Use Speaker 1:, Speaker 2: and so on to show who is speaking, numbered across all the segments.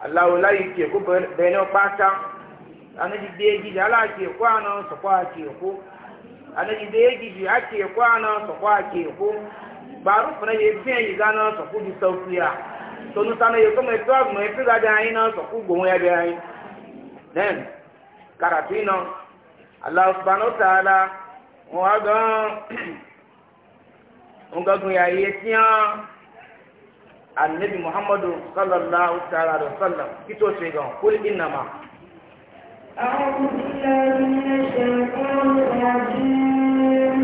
Speaker 1: o aláwo láyé tí èkó bẹ̀rẹ̀ pátá anájídé ejìjì aláàtì èkó àná sọ̀kọ́ àti èkó anájídé ejìjì àti èkó àná sọ̀kọ́ àti èkó gbàrú fúnná yẹ fi ẹ̀yìn gánà sọ̀kú ju sọ̀kú yà tonu sanu yẹ kọ́mọ ẹ̀tọ́ àgùnmọ̀ ẹ̀fí gàdé ayin náà sọ̀kú gbòhun ẹ̀bẹ̀ ayin then kàràtì náà aláwo subahana tààlà wọn wá gan ọgọgùn yà yẹ tiẹ́ annabi muhammadu sallallahu ta'ala da sallam fito ce ga kul inna ma
Speaker 2: أعوذ بالله من الشيطان الرجيم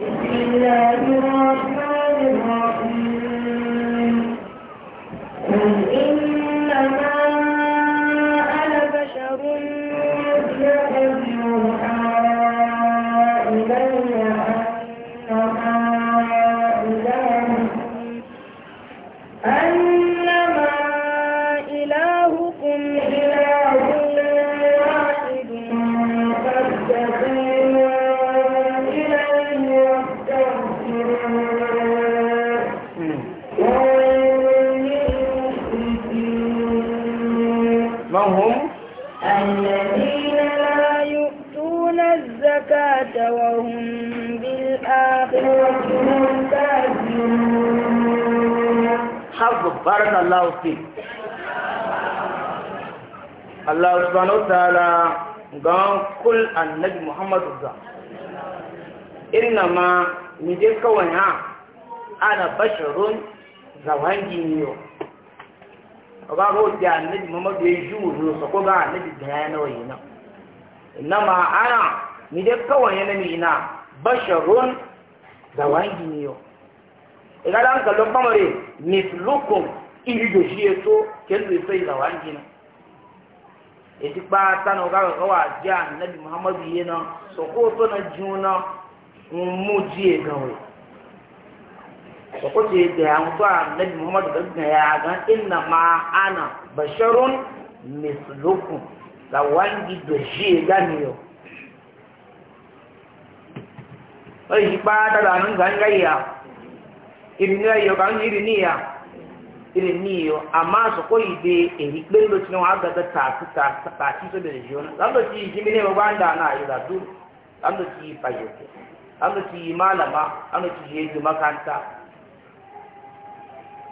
Speaker 2: بسم الله الرحمن الرحيم قل الذين لا يؤتون الزكاة وهم بالآخرة هم كافرون
Speaker 1: حفظ بارك الله فيك Allah subhanahu wa ta'ala gan kul annabi Muhammadu ga innama ni dai kawai ha ana basharun zawangi ne yau ọba bó di anabi muhammadu eju wòlò sọkó bá na dìnyẹn náà yìí na ìnáma ara mi dé kawai yẹn mi yìí basharun zawangi ni yọ ìgbàdá ń pàmòrè mìtìlókùn ìlú dòṣì ètò kẹlù ètò ìzawangi náà ètí pátá kọkọ wà yìí tó na jùn ń mú sokote da ya mutu annabi muhammadu da ya ga inna ma ana basharun mislukum da wangi da shi ga ni yo ai shi ba ta da nan gangaya irin ne yo kan irin ya irin ni yo amma su koyi da eri eh, gbello tin wa ga ta su ta ta so da shi ona dan da shi shi ne ba da na yi da du dan da shi fayo dan da shi malama dan da shi yi makanta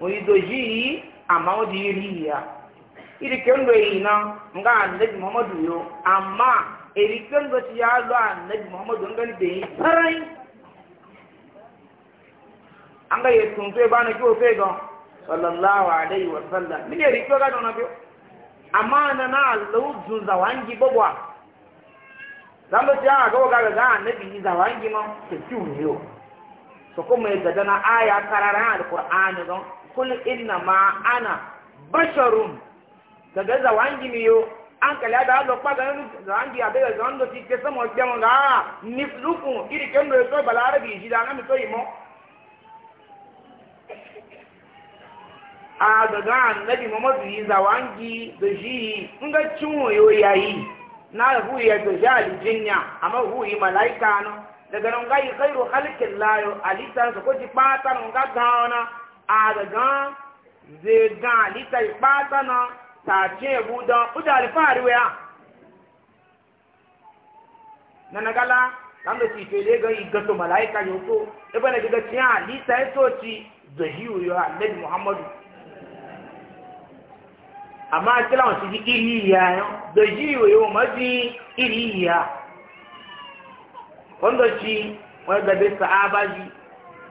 Speaker 1: oyidoji amma wadda yi riya irikin da yi nan nga annabi muhammadu yo amma irikin da ci ya lo annabi muhammadu ngani da yi sarai an ga yi tuntu ba na kiwo fe don sallallahu alaihi wa sallam mini irikin ga don na biyo na na allahu jun zawangi babwa zan ba ci ya ga waga ga annabi zawangi ma ta kiwo ne yo so kuma ya gada na aya kararan alkur'ani don kul inna ma ana basharun daga zawangi mi yo an kala da lo pa ga zawangi a ga zando ti ke samo je mo ga ah, nifluku iri ke no to balara bi jida na mi to imo a daga annabi muhammadu yi zawangi da shi nga cinwo yo yayi na hu ya da jali jinya amma hu yi malaika no daga nan ga yi khairu khalqin la yo alita ko ti pata no ga ga agagan zai gan lita ipata na tace budan uda alfahari waya na nagala kan da ci malaika yau to ibe na giga ciya ya soci da hiyu yo muhammadu amma kila wọn ti di iri ya yau da hiyu ma di iri ya wanda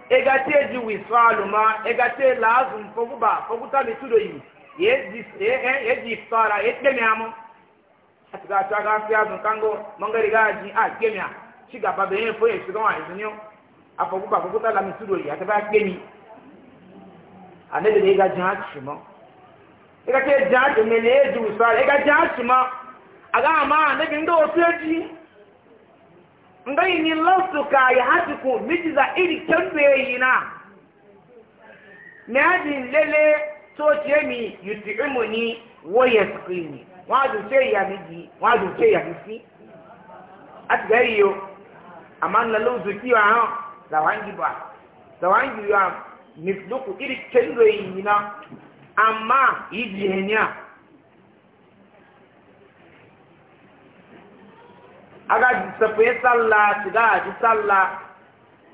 Speaker 1: egati eji wiso alụma egati ele azụ mfọgụba fọgụta metudo yi eji ifitara ekpemia mụ aga nsị azụ kango mọngari a kemia chigaba bụ ihe foye shiga nwa izinyo afọgụba la metudo yi ataba kemi anebele egaji eji eji aga ama ndị otu eji ngai ni lansu ka ya hatiku miji za iri kyanfe yi na na yadin lele ce mi yuti imu ni waye skrini wadu ce ya miji wadu ce ya misi a ti gari yo amma na lansu kiwa ha za zawangi ba zawangi ya mifluku iri kyanfe yi na amma yi jiheniya aga safe sallah shiga a ji sallah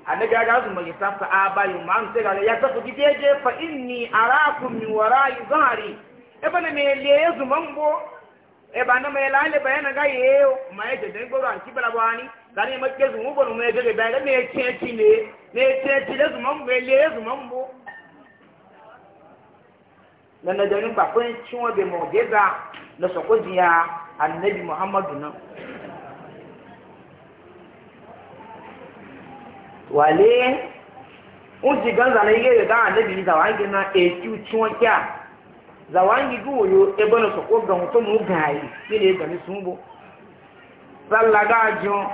Speaker 1: annabi aga su mai safa a bayu ma an ya tafi gideje fa inni arakum min wara'i zahri e bana me le ya zuman e bana me lale bayana ga yeyo ma ya jade goro an kibala bani dan ma ke zumu bo mu ya jade me ne me ce ci le zuman me le nan da ba kun ciwo na sokojiya annabi muhammadu nan wale unji ganza na iye ga annabi zawangi na eju chuwon kya zawangi guyo ebe na sokko ga mutum gayi shine ga ni sumbo sallaga jo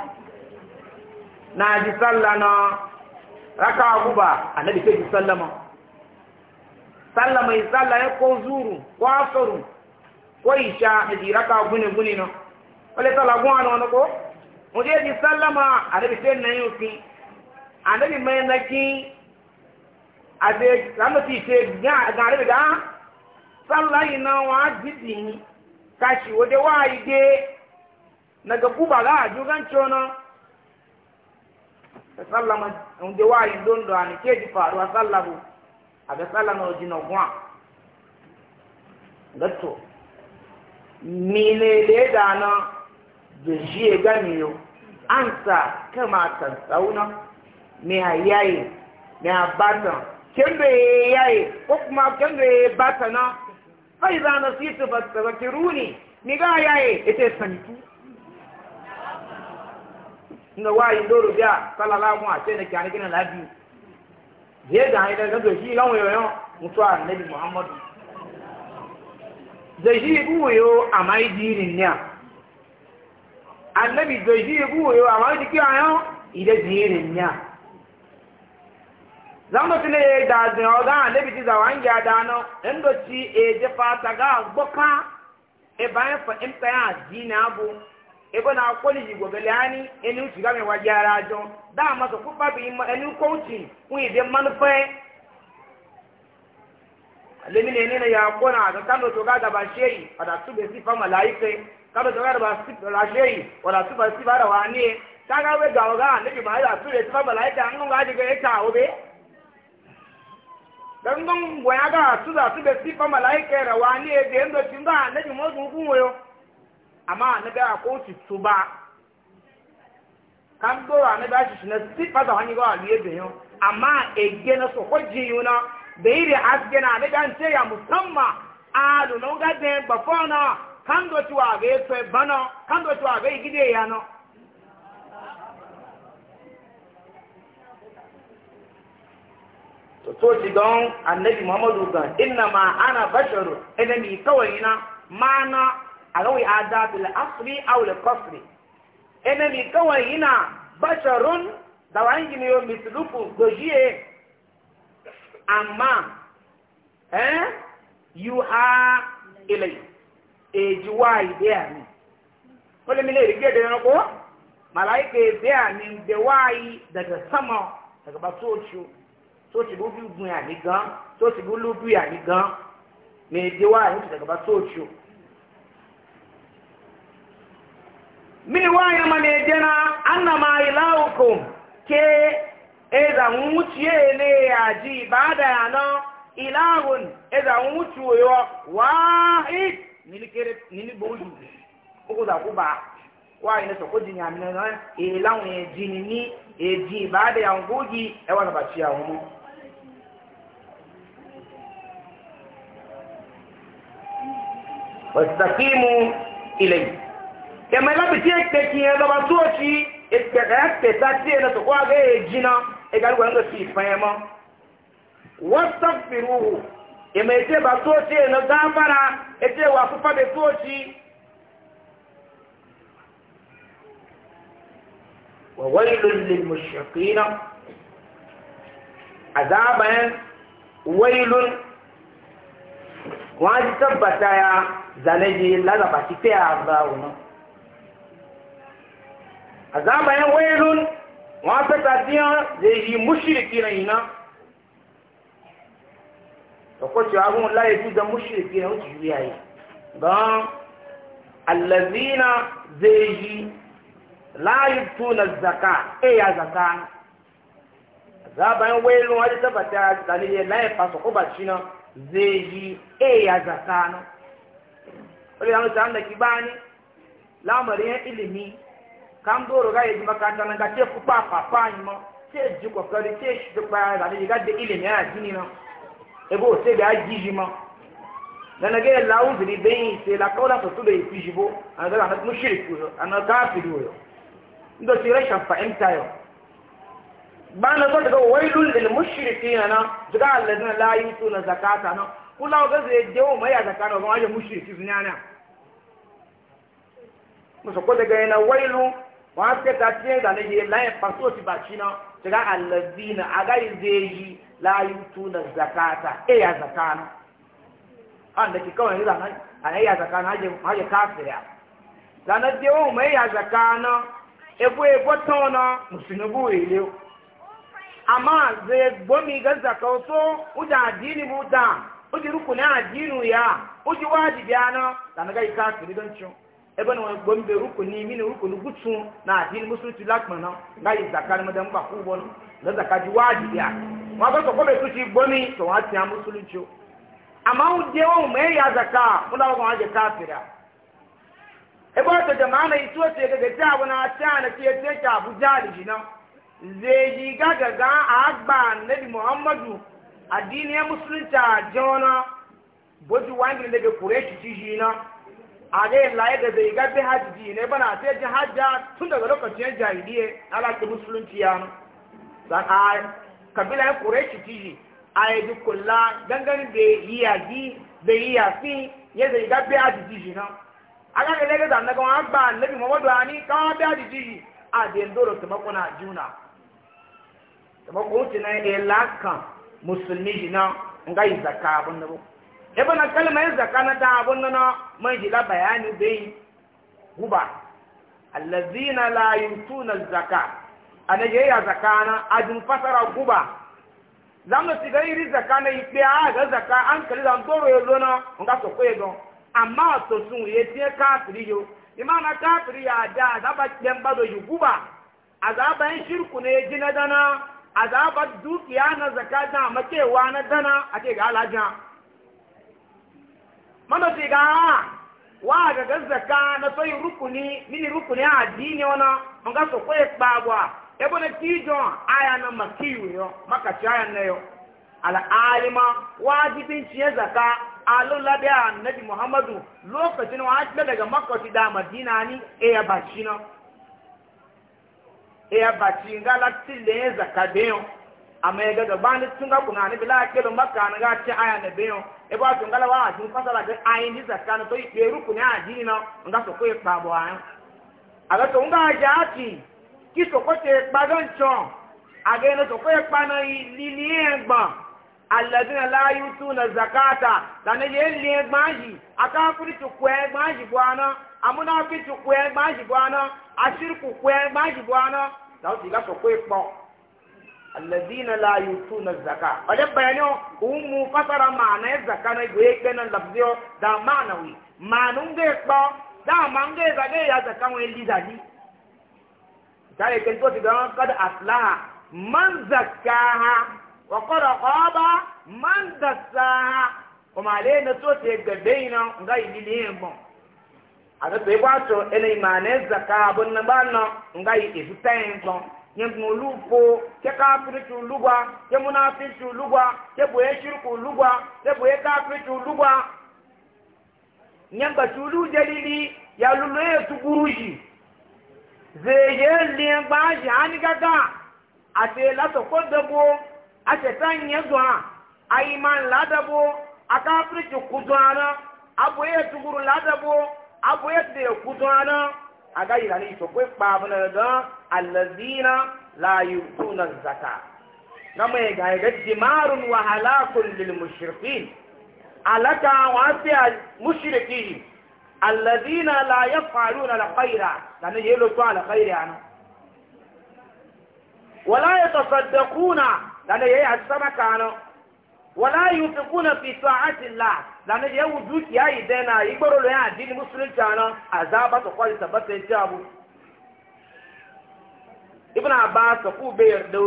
Speaker 1: na ji sallana raka guba annabi sai sallama sallama yi ya ko zuru ko asaru ko isha na ji raka gune gune na
Speaker 3: wale sallagun
Speaker 1: ano ko mo je ji sallama annabi na yi anabi mai naki abe zama ti ce gare daga tsallayi na wa jidi kashi waje wa ide na ga kuba ga ajugan cona ta tsallama waje wa yi dondo a nike ji faruwa tsallabu a ga tsallama waje na gwa gato mine da da na da shi ya gani yau an sa kama tansauna me a yaye me a bata kendo ya yaye ko kuma kendo ya bata na fai za na situ ba ta ba kiruni ni ga yaye ita sanki na wayi ndoro biya sallallahu alaihi wasallam kyani kina labi je ga ida ga do shi lawo yoyo mutuwa annabi muhammadu da shi buwayo a mai dinin ne annabi da shi buwayo a mai dikiya yau ida dinin ne zamu tile ye da zin o da ne bi za wan ya da no en do ci e je fa ta ga gboka e ba en fa en ta ya dina bu e bo na ko ni go gele ani eni ti ga me wa ya ra jo da ma so ku pa bi ma eni ko ti un e be man fe le mi ne ne ya ko na ga kan to ga da ba shei ada su be si fa malaike kan to ga da ba si la shei wala su ba si ba ra wa ni ta ga we ga ga ne bi ma ya su le ti fa malaike an ga ji ga e ta obe gangan goya ga su za su ga sifa mala'ika ne da yanda cin na annabi mazu kun wayo amma na ga ko su su ba kan na ba shi na sifa da hani ga da yau amma ege na so hoji da iri asge na da dan ce ya musamman alu no ga de na kan do tuwa ga so bana kan ya na. to to shi don annabi muhammadu ga inna ma ana basharu ina mi kawai na mana alawi adabil asri aw al qasri ina mi kawai na basharun da wangi ne yo misluku ama amma eh yuha ilay eji wa ide ani ko le mi le rige de ko malaika ide ani de wai daga sama daga basochu soci bu dubu ya ni gan soci bu lubu ya ni gan me diwa yin daga ba socio mini wa ya mane jena annama ilahukum ke eza wuciye ne ya ji ibada ya no ilahun eza wuciyo wahid nilikere nini bolu uko za kuba wa ina so kodi nyamina na ilahun ejini ni eji ibada ya nguji ewa na bachia
Speaker 3: واستقيموا
Speaker 1: إليه كما لابتي اكتكي هذا بطوشي اكتكي انا تقوى غير جنا اقالوا هنگا سيفاما واستغفروه كما يتي بطوشي هذا غافرا يتي واففا بطوشي وويل للمشرقين عذابا ويل wọ́n ti tabbata ya zalaji lalaba ti fẹ́ àzáwò náà àzába yẹn wẹ́rún wọ́n fẹ́ta díẹ̀ lè yí múṣìrìkì rẹ̀ yìí náà ọkọ̀tí àwọn láyé tó da rẹ̀ ó ti yú yáyé gan alẹ́zínà zai láyé tó na zaka ẹ̀yà zaka àzába yẹn wẹ́rún wọ́n ti tabbata ya zalaji láyé fasọ̀kọ́ bàtí náà zai yi e eh, ya zakano wani yawon sa'an da ki bani lamarin ilimi kan doro ga yaji makaranta nan ga ce ku pa papa yi mo ce ji kokari ce shi duk bayan da ni ga da ilimi a jini na ebo ce da ji mo dan ga la uzri bin sai la kaula to tudo yi fijibo an ga na mushriku an kafiri yo ndo tire shan fa'imta yo ba na so daga wailul lil mushrikin na daga alladina la yutuna zakata na kula ga zai je wa mai zakata ga wani mushriki sun yana musu ko daga yana wailu wa ta ta tiye da ne la ya paso ti ba china daga alladina aga zai la yutuna zakata e ya zakana an da ki kawai ne da ai ya zakana haje haje kafira da na je wa ya zakana ebo ebo tona musunubu ile amma zai gomi gaza kauso uji addini muta uji rukunin addinu ya uji wajibi ana da na gai kafiri don cin ebe na gbomi bai rukuni mini rukuni gutsu na addini musulunci lakmana zakar madan ba na zakaji wajibi ya wọn bá sọ kọ́bẹ̀ tó ti gomi tó wọ́n ti amma u je mai ya jama'a ce ga ta na ta jinan zai ji gaga ga agba nabi muhammadu addini ya musulunci a jona boju wangi ne daga kureshi jiji na a ga yin laye da zai gabe hajji ne bana sai ji hajja tun daga lokacin jahiliye alaƙi musulunci ya san a kabila ya kureshi jiji a yi ji kula dangane da yi yagi da yi yafi ya zai gabe hajji jiji na a ga yin laye wani agba nabi muhammadu ani kawo hajji jiji a da yin doro taimakon a juna kuma ko na ila kan musulmi jina nga yi zaka abun nabo ebe na kalma yin zaka na da abun nana man jila bayani bai guba allazina la yutuna zaka ana je ya zaka na adun fasara guba zamu siga iri zaka na ipe a ga zaka an kali zan doro yo na nga so ko yo amma to sun ye tie ka tri yo imana ka ya da e da ba kemba do guba azaban shirku ne jina dana azabar dukiya na zakata makewa na dana a ke ga alajan mamaci ga wa ga zaka na soyi rukuni mini rukuni a addini wana mun ga so kwaye kpagwa ebo na tijon aya na makiyu yo makaci aya na yo al'alima wajibin ciye zaka alula da annabi muhammadu lokacin wa daga makwasi da madina ni e ya bashi na ya baci ga latin da ya zaka biyu amma ya gaga ba ni tun kuna ni bila kelo maka ni ga aya na biyu e ba tun gala wa tun nkwasa ga ayin ni zaka na to yi peru kuna aji na nga so ko e ayo aga to nga ja ti ki so ko te pa don aga na so ko e pa na yi li ni egba alladina la yutuna zakata da ne ye li egba yi aka kuri to ko egba yi amúnáfíìsì kú ẹ máa ń yìbọ aná aṣírìkù kú ẹ máa ń yìbọ aná la yóò tún na zaka ọ̀dẹ́ bẹ̀rẹ̀ òun mú fásara màánà ẹ̀ zaka náà ìgbòye pé náà làbúdíọ́ dá màánà wì màánà ń gbé pọ́ dá màá ń gbé zaka ìyá zaka wọn lì dàdí. ìtàlẹ̀ ìkẹ́ni tó ti kọ́dọ̀ man zaka ha man zaka ha tó ti gbẹ̀gbẹ́ yìí náà ń a ibú àtọ́ ẹni ìmọ̀ àná ẹ̀zàká abọ́nàbá nọ nga yìí èsì tẹ́yìn gbọ́n yẹn olùkó kẹ káfíríkì olùgbà kẹ múnáfíríkì olùgbà kẹ bòye ṣírùkù olùgbà kẹ bòye káfíríkì olùgbà yẹn gbàtí olùjẹlili yà lulu ètò gbúrú zèyẹ lẹ́yìn gbà yà àti látọ̀kọ́ àtẹ̀tà à ńlá kùdùn ńlá abu yadda ya kuto ana a ga irani to kai kpabuna ga allazina la yutuna zata. na mai ga ga dimarun wa halakun lil mushrikin alaka wa fi mushrikin allazina la yaf'aluna al khaira dan ne lo to al khaira ana wala ya yatasaddaquna dan yayi asama kana wala yi yunfiquna fi sa'ati llah zane ya wuzu ya yi dena igboro lo ya addini musulunci ana azaba to kwali tabbata ya ci ibn abbas ko be yarda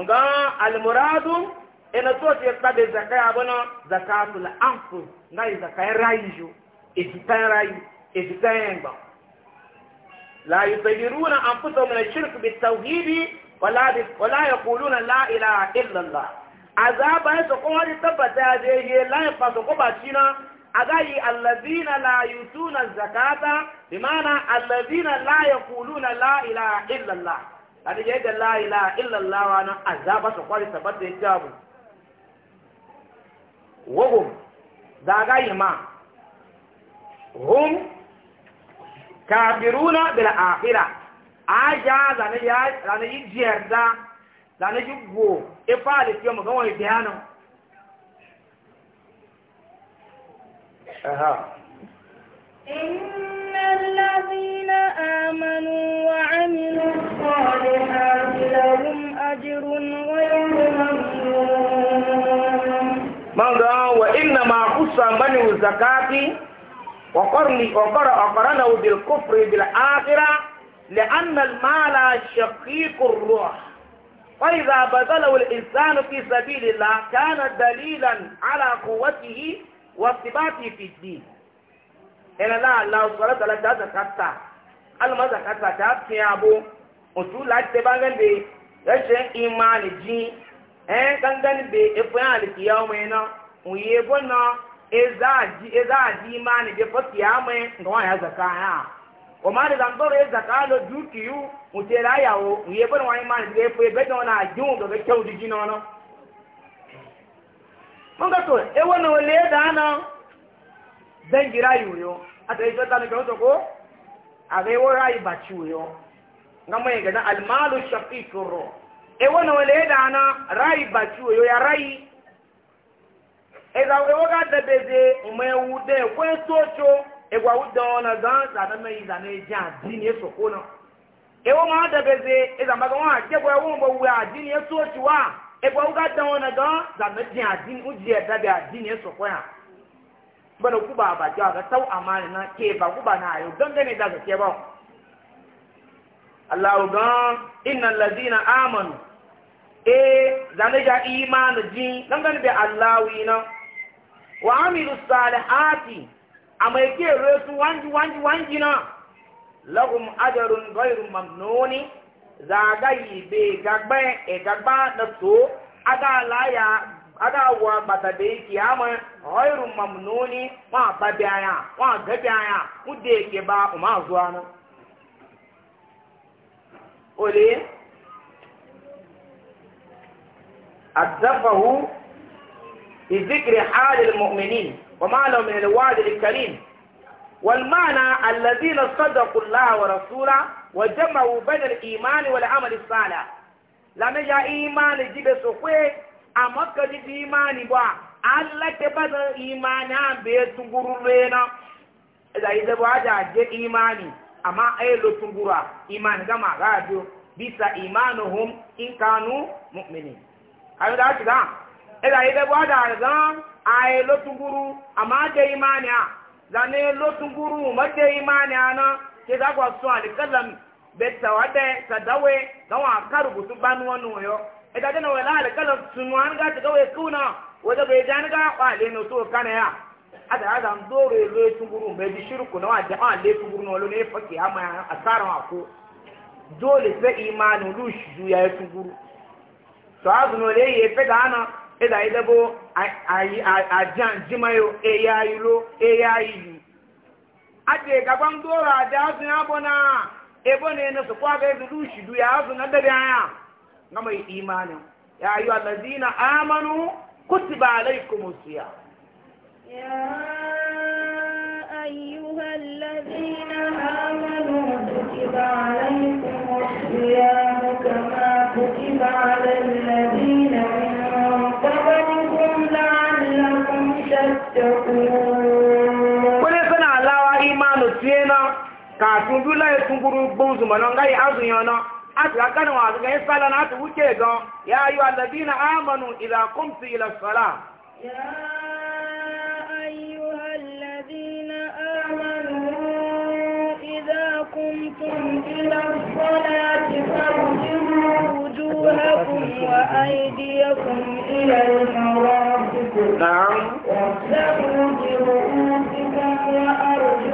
Speaker 1: nga al muradu ina to ti ta da zakaya abuna zakatul anfu nga yi zakayan rayi jo e ifitan rayi e ifitan yamba la yusadiruna anfusahum min ash-shirk bit tawhid wala wala yaquluna la ilaha illa allah azaba ya sako wani tabbata je je layin faso ko ba cina agayi allazina la yutuna zakata bi mana allazina la yaquluna la ilaha illa allah kada je da la ilaha illa allah wa nan azaba sako wani tabbata ya jabu wahum da agayi ma hum kafiruna bil akhirah aja zane ya zane yi jiyarda zane jibbo e
Speaker 2: aha إن الذين آمنوا وعملوا الصالحات لهم أجر غير ممنون
Speaker 1: وإنما خص منع الزكاة وقرنه بالكفر بالآخرة لأن المال شقيق الروح فإذا بذله الإنسان في سبيل الله كان دليلا على قوته وثباته في الدين إن الله الله صلاة لك هذا خطا الماذا خطا تابتي أبو وتقول لك تبغن دي rashin imani ji ɗan ƙangan da ifin alkiyar mai na uye gona e za a ji imani da fasiya mai ga wani ya zaka ya omari zamboro ye zakalo dukiyu mutera yawo uye bone wani mani dige fo ebe don na jun do be kyau di jino no monga to e wona wole da na ben gira yuyo ata iso tanu ko to ko ave wo rai bachu yo ngamo ye gana al malu shaqiqur e wona wole da na rai bachu yo ya rai e da wo ga da beze umewu de kwesocho egwa wuda ona ga zaɓen mai zane ji addini ya soko na ewo ma da gaze iza maga wa ke gwa wo gwa wa addini ya so ci wa egwa wuga da na ga na ji addini uji ya da da addini ya soko ya bada kuba ba ja ga tau amana na ke ba kuba na ayo gangane da ke ba Allah ga innal ladina amanu e zane ja imanu ji gangane be Allah wi na wa amilu salihati amma yake resu wanji wanji wanji na lahum ajarun ghairu mamnuni zagayi be gagba e gagba na so aga laya aga wa batabe kiyama ghairu mamnuni wa babaya wa gabaya mude ke ba uma zuwa na ole أدفه بذكر حال المؤمنين ومعنى من الوعد الكريم والمعنى الذين صدقوا الله ورسوله وجمعوا بين الإيمان والعمل الصالح لما جاء إيمان جيب سوكوي أما كجيب إيمان با الله تبدا إيمان بيت غرورنا إذا إذا بعد جاء ايمان أما اي لو تنغرا إيمان كما غادو بيسا ايمانهم ان كانوا مؤمنين هذا كده اذا اذا بعد ida aye lotunguru amma da imaniya zane lotunguru mace imaniya na ke za kwa su alikalam betta wade sadawe don a ka rubutu banu wani wayo ita jana wala alikalam sunu an ga shiga wai kuna wadda bai jani ga kwale na so kana ya a da adam tunguru bai ji shirku le tunguru na walo ne fake ya ma a tsarin tunguru to azumi ne da hana eda idabo ayi jimayo eya ilo eya iyu ade gaba ndoro ade azu ya bona ebo na su ga shidu ya azu na dabi aya ngama imanin ya ayu allazina amanụ kutiba ala siyam
Speaker 2: ya ayyuhallazina amanu kutiba
Speaker 1: kafin dula ya tunguru buzu manon gai azun yana ati akana wa ga sala na ati wuce ga ya ayu alladina amanu idza qumtu ila salah ya
Speaker 2: ayyuha alladina amanu idza qumtum ila salati farjimu wujuhakum wa aydiyakum ila al-marafiq na'am wa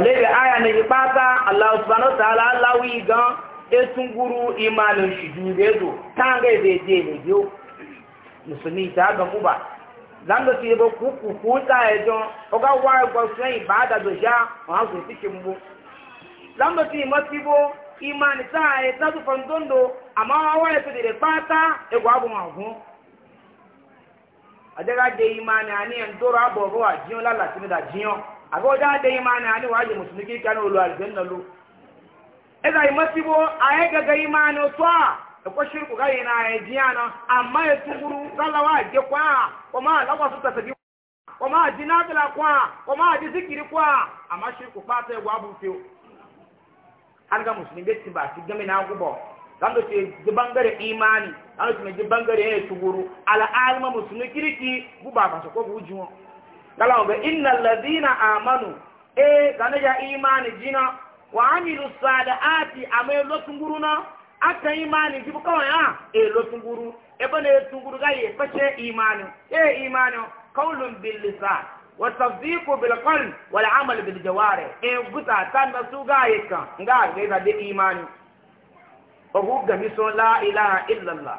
Speaker 1: wale da aya na ji fata Allah subhanahu wa ta'ala lawi gan etun guru imanin shi jure zo ta ga zai je ne biyo musulmi ta ga mu ba zan da sai ba ku ku ta ya don o ga wa ga sai ba da do ja wa ku tike mu zan da sai masibo imani ta ya ta su fandondo amma wa ya su da fata e gwa bu ma gun adega de imani ani en dora bo bo ajion la la ti da jion agoda da imani ani waje musulmi ike kana ulu aljanna lu ida yi masibo aye ga ga imani otu a ko shirku ga yana ya jiyana amma ya tuguru galawa je kwa kuma lawa su ta sabi kuma jina kala kwa kuma ji zikiri kwa amma shirku fata ya gwabu fiyo an ga musulmi bai ba su game na gubo zan da ce ji bangare imani zan da ce ji bangare ya ala al'alma musulmi kiriki guba ba su ko bujiwa galawo be innal ladina amanu e ganaja imani jina wa amilu sadaati ame lotunguruna aka imani jibu kawai ha e lotunguru e bane tunguru gaye fashe imani e imani qawlun bil lisan wa tasdiqu bil qalb wal amal bil jawari e guta tan da su gaye kan ga ga da imani ko hu ga mi so la ilaha illallah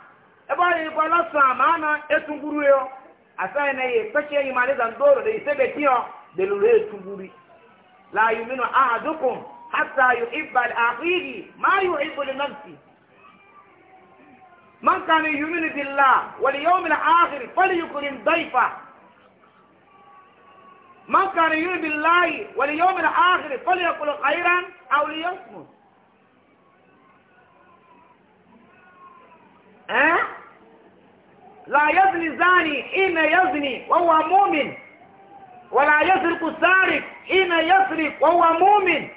Speaker 1: ebe yi kwa lasa ma ana etunguru yo asa na ye kpeshe yi ma leza ndoro de isebe tiyo de lulu etunguru la yuminu ahadukum hatta yuhibba li akhihi ma yuhibbu li nafsi man kana yuminu billah wal yawmil akhir falyukrim dayfa من كان يؤمن بالله واليوم الآخر فليقل خيرا أو ليصمت ها أه؟ لا يزني زاني حين يزني وهو مؤمن ولا يسرق سارق حين يسرق وهو مؤمن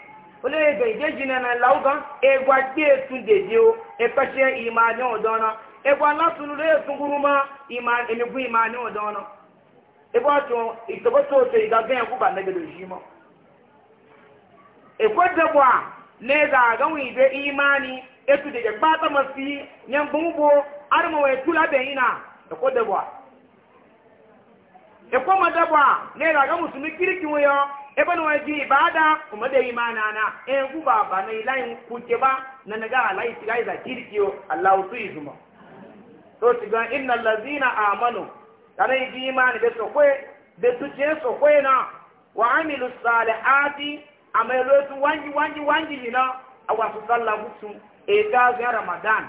Speaker 1: olóògbé ìdéjìnà náà láwùgán ẹgbà gbé ètùn dèdè o ẹpẹṣẹ ìmà ní ọ̀dọ́ náà ẹgbà látúnú lé ètùn gúrú mọ́ ẹnìkú ìmà ní ọ̀dọ́ náà ẹgbà tó ìtọ́gbọ́tò òtò ìgbàgbé ẹ̀kú bà lẹ́gbẹ̀rẹ̀ yìí a na dẹ́gbọ́ ni da ko dabuwa e ko ma ga musulmi kirki wo yo e ban wa ji ibada kuma da imana na e ku ba ba nai lain ku ba na naga lai sai za kirki yo Allah su yi zuma to ti ga innal ladzina amanu yi imani da so da su je na wa amilu salihati amelo su wangi wangi wangi ni na awasu sallahu su ramadan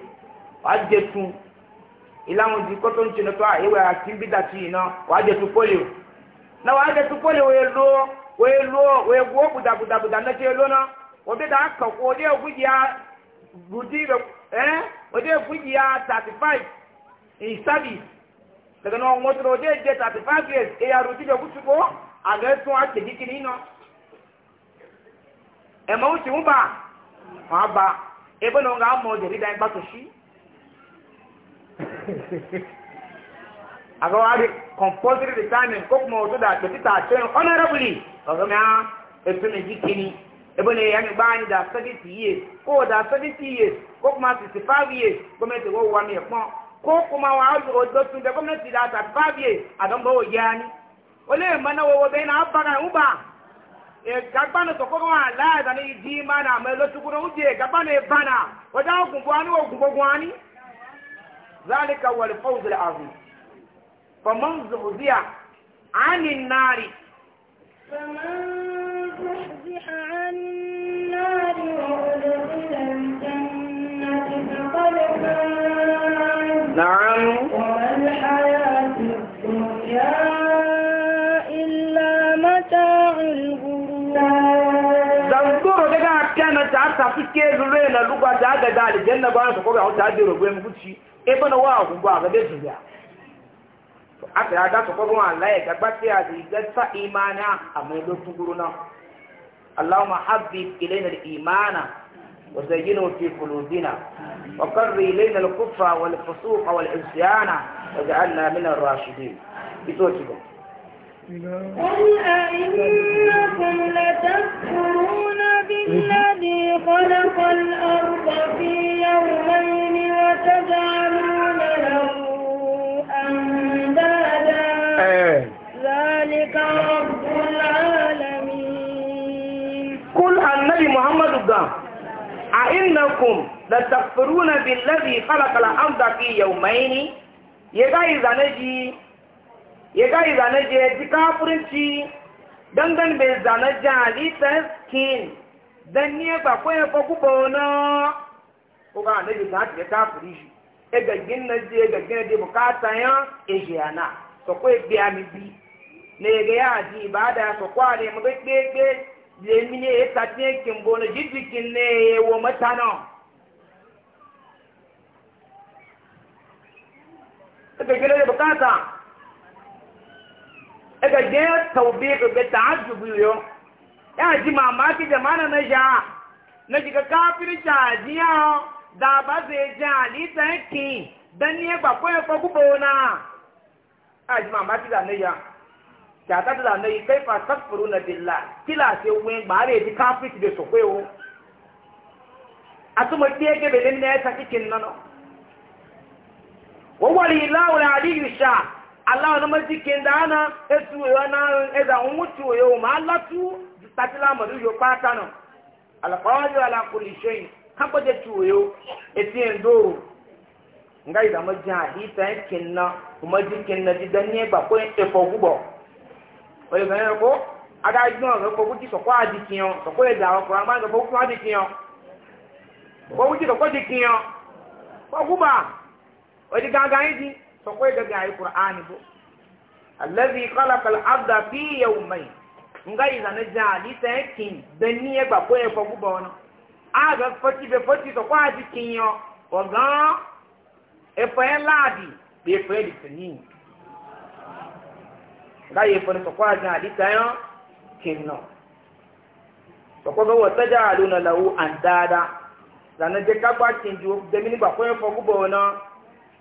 Speaker 1: wàá jẹ tún ìlànà ìdí kọ́tọ́ ń ṣe lọ́tọ́ àti bídà tì yìí náà wàá jẹ tún pólíò náà wàá jẹ tún pólíò wòye lọ wòye lọ wòye gbùdàgbùdàgbùdà náà bí kàn kó ya rẹ ya thirty five in service náà tó years rẹ kó tún ti ebe náà a ga wari compulsory retirement ko kuma wato da ɗauki tashirin honorably ka zama ne jikini ebe ne da years ko da years ko kuma 65 years gwamnati ko wa ko kuma wa azu da gwamnati da 35 years a don bawo bai na uba to e ni na uje ogun e ogun ذلك هو الفوز العظيم فمن زحزح عن النار فمن ta ta fike zure na lugba da ga da aljanna ba su ko ba ta da rogo mu kuci e bana wa ku ba ga da zuya aka ya da su ko ruwa Allah ya ga ti a di ga sa imana amma do tuguru na Allahumma Habib, ilayna al-imana wa zayyinhu fi qulubina wa qarr ilayna al-kufra wal fusuqa wal isyana waj'alna min ar-rashidin ito ci
Speaker 2: قل أئنكم لتكفرون بالذي خلق الأرض في يومين وتجعلون
Speaker 1: له أندادا
Speaker 2: ذلك رب العالمين قل النبي محمد
Speaker 1: قال أئنكم لتكفرون بالذي خلق الأرض في يومين يبقى نجي ya ga yi zane je ji kafurinci dangan bai zane jali ta skin don ne ba kwaye kwa kubo na kuka na bi ta ce kafuri shi e gaggin na je gaggin na je bukata ya eji yana so kwaye biya mi bi ne ga ya ji ibada so kware mu ga kpekpe le mi ne ya ta ce kin bono jijikin ne ya wo mata na ta gaggin na je bukata daga gaya taube ga ga ta'ajjubu yo ya ji mamaki da mana na ja na ji ga kafir ja jiya da ba zai ja li tanki dan ne ba ko gubo na a ji mamaki da na ja ya da na yi kai fa tasfuruna billah kila sai wen aláwọn ọmọdé kéńdà ánà ètù ìwọ náà ẹ̀dà òun tù òye òun máa látú tàtílà mọ̀lú yóò pátá nà àlàkọ́wájú alákòlì ṣẹ́yìn kápẹ́jẹ tù òye ètí ẹ̀ńdóró nga ìdààmú jẹ́ àdìsá kéńnà ọmọdé kéńnà dídá ní ẹgbà pé ẹ̀fọ́ gbúbọ̀ òye náà ti sọkwa daga ayi qur'ani bo allazi khalaqa al-abda fi yawmayn ngai zana jali ta kin dani e gba ko e fo gubo no aga foti be foti so kwa ji ga e fo e ladi be fo e fo kwa jali yo ko ta jaluna lahu andada je ka de mini gba ko e fo gubo no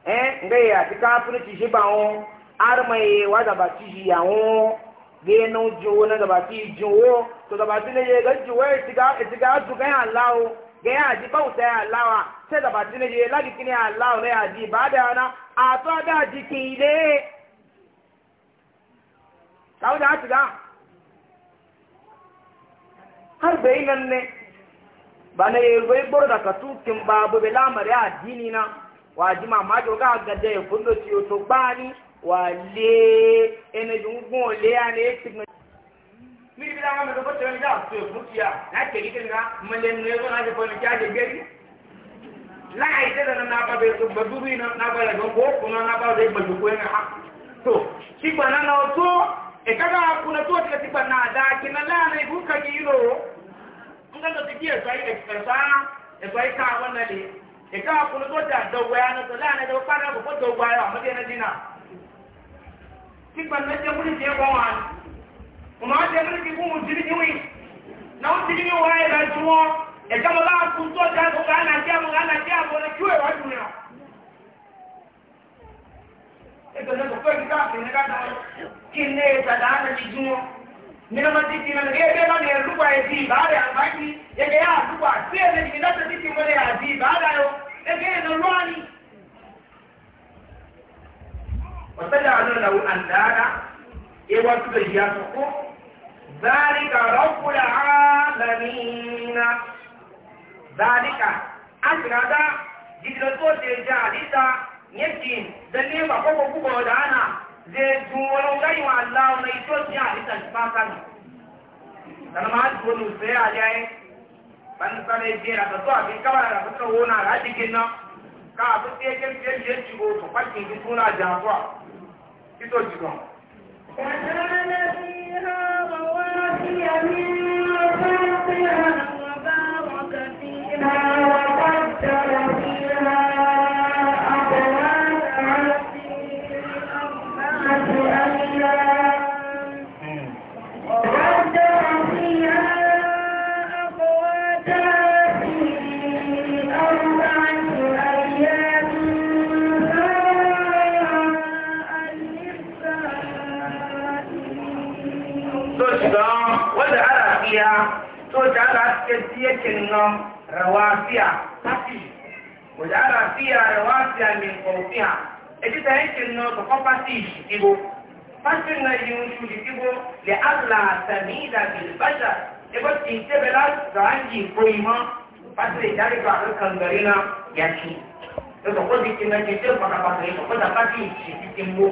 Speaker 1: eh nga ya ti kafirci shi ba won har mai wa da ba ci ya won ge no jo na da ba ci jo to da ba ti ne ga jo we ti ga ti ga su ga Allah o ge ya ji ba uta Allah wa se da ba ti ne la ki ni Allah ne ya ji ba da na a to a ji ki ile ka da ti ga har bai nan ne ba na yi bai gboro da ka tukin babu bai lamari addini na wà jí màmá jọ ká gàdẹ ìfúnnò tí o tó gbá ní wà lé ẹnìjú ń gún òlé á ní ètò ìgbà. ní ibi táwọn ọmọ ìdókòtò ẹni yà tó èkó ti yà láti èyí tẹ̀lé ká mọ̀lẹ́ nínú ẹgbẹ́ láti fọ́nù kí á lè gbé rí. láì tẹ́lẹ̀ náà náà bá bẹ tó gbẹdúrú iná náà bá lẹ̀ gbọ́n kó kùnà náà bá bẹ gbẹdúrú ẹ̀ náà. tó sígbà náà náà tó ìkájọ́ akuna tó ti sígbà náà dá kìnnà láàrin ìbú kàkí yìí lò ó. ń ìka àkùnú tó dà dọ̀wọ́ ya nù tó láàrin ẹ̀dọ̀ pàdé àkókò tó wọ ayọ̀ àmọ́dé ẹni dínà. kí gbàgbé jẹ́ múlì jẹ́ wọ́n wà ọmọ àwọn múlì kí fún un tìrì níwì. náà ń tìrì níwì wáyé rẹ̀ ju wọn. ẹ̀jẹ̀ mo bá kú tó dà kó ká nà jẹ́ mo ká jẹ́ àbọ̀ rẹ̀ kí wájú rẹ̀. ètò ní wọ́n ti lè yá sọ́kọ́. Zálíkà rọ́pùlà álámìnà. Zálíkà, a ti rádá jìdìdà tó ṣe jẹ́ àdíta yẹ́kì dẹ́lé àkọ́kọ́ púpọ̀ dáná lè dùn wọn lọ́yìn wọn aláwọ̀ náà tó ṣe àdíta ti bá sánà. Sànà máa ń dùn olùfẹ́ àjẹ́ Bánisánà ìdí àtàtọ́ àbí kábàlà àtàtọ́ wọn náà láti gé náà. Káà tó ṣe é ṣe é ṣubú tó pàṣẹ ìdí fún àjà àtọ́. Títọ́ jùlọ.
Speaker 2: فيها وبارك فيها
Speaker 1: نا رواسيا تاتي وجعل فيها رواسيا من فوقها اجي تهيكن نا تقبتي شكيبو فاسن نا ينشو شكيبو لألا تميل بالبشر يبقى تنتبه لا تعنجي قيمة فاسن يجاري بعض الكنغرينا يشي Yóò kó di kìnnà kìí tẹ́ pàtàkì yìí kó dàgbà kìí ṣe ti ti mú.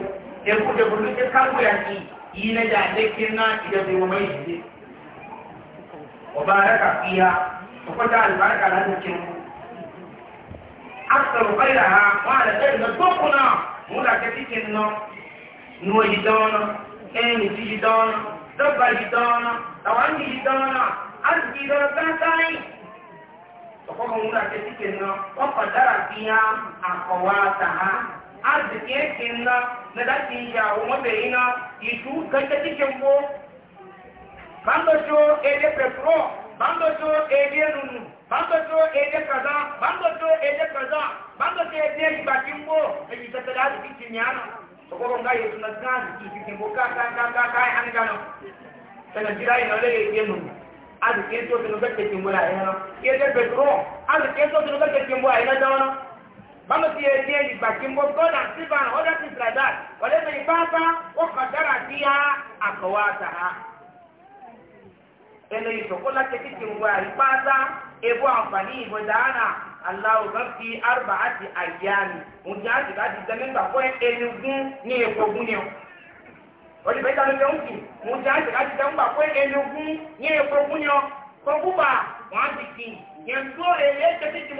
Speaker 1: Ẹ̀kú jẹ́ kúrú tẹ́ kágbó yà kìí yìí lẹ́jà lé kìnnà ìjọba ìwọ̀n mọ́ ìṣẹ̀lẹ̀. Ọba rẹ̀ kà fi ya sọ̀kọ́dá àlùbáríkà láti kí wọn. Àṣọ̀rọ̀ báyìí ha wọ́n àlẹ́ bẹ́ẹ̀ lọ gbókù náà mú làkẹ́ kí kí n nọ. Nù yìí dánná, ẹni tí yìí dánná, dọ́gba yìí dánná, tàwọn yìí dánná, àti yìí dánná sáńsáń. Sọ̀kọ́kọ́ mú làkẹ́ kí kí n nọ, wọ́n kọ̀dára fi ya àkọ̀wá tà á. Àti nọ, nígbà tí ìyàwó mọ́bìnrin náà, ìtú kẹ́kẹ́ kí kí n bó. Máa ń lọ ẹgbẹ́ pẹ̀trọ̀. bangoto eje nunu bangoto eje kaza bangoto eje kaza bangoto eje ibaki eji tatara aziki tinyana sokoro nga yesu na gani tuziki mbo ka ka ka ka ka ani gano tana jira ina le eje nunu aziki eto tana bete timbo la ina eje petro aziki eto tana bete timbo ina dano bangoto wale wakadara akawata ha ẹnu ìṣòkólá tẹ́kìtì wà ìpáta ebú àǹfààní ìbò iwe aláwòrán fi àrùbá àti àyàmì ǹjẹ́ àti láti jẹ́ nígbà fún ẹnugún ní èkó gún ni ọ. bẹ́ẹ̀ dáná lẹ́hùn sí ǹjẹ́ àti láti jẹ́ nígbà fún ẹnugún ní èkó gún ni ọ. kọkúbà wọn ti kì yẹn tó èlé tẹ́kìtì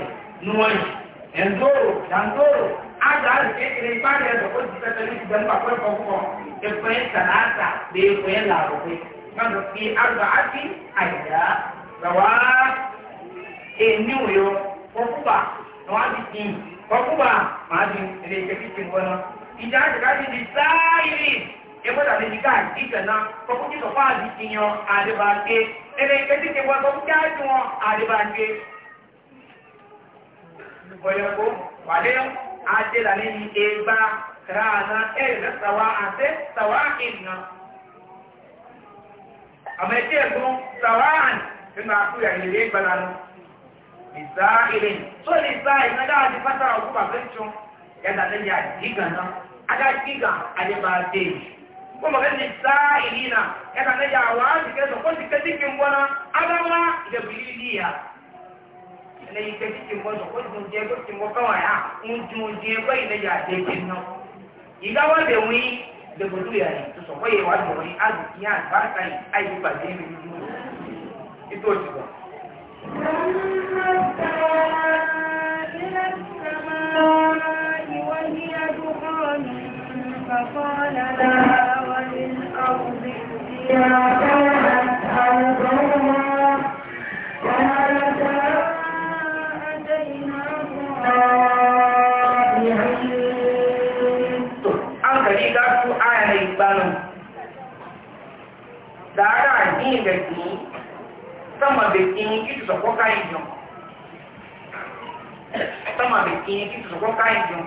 Speaker 1: náà nuwai endoro dandoro aga alikekele ibari ẹ̀dọ̀ ó ti tẹ́tẹ́ ní ìgbẹ́ nípa pẹ́ kọ́kọ́ ẹ̀fọ́ ẹ̀ sàlàtà lè ẹ̀fọ́ ẹ̀ làrọ̀ pé gbọ́dọ̀ fi àgbà áti ni wọ́n ti tì kọ́kúbà di ẹ̀rẹ́ ìjẹ́ kíkì wọn lọ. ìjà àjẹká ti di sáírì ẹgbẹ́ta lè di káà ìgbẹ́ náà kọ́kúkì sọ̀fọ́ àdìsí yan àdìbàgbé ẹ̀rẹ́ ìjẹ́ bọ̀yẹ̀kó wàdé ajẹ́là ní ẹgbà ràánà ẹ̀rẹ̀ sàwà àti sàwà ìnà àmọ́ ẹ̀kẹ́ ẹ̀gbọ́n sàwà àti nínú àkúyà ìrẹ̀ ẹgbà lánà ìsá ìrẹ̀ tó lè sá ìná dáadé pátá ọkú bàbá ìtún yàtà lẹ́yìn àdìgà náà adájígà àdébà dé kó mọ̀kẹ́ ní sá ìrìnà yàtà lẹ́yìn àwọn àdìgà sọ̀kọ́ kẹ́ na yi kaji ke wani kudin je kudin wa kawai ha un jun je bai na ya je ke nan igawa da wi da gudu ya yi to so kwaye wa da wani arziki ya albarka yi ayi ba je mai yi ito ci ba
Speaker 2: فقال لها وللأرض ائتيا
Speaker 1: de kin ki so ko kai jo tama de kin ki so ko kai jo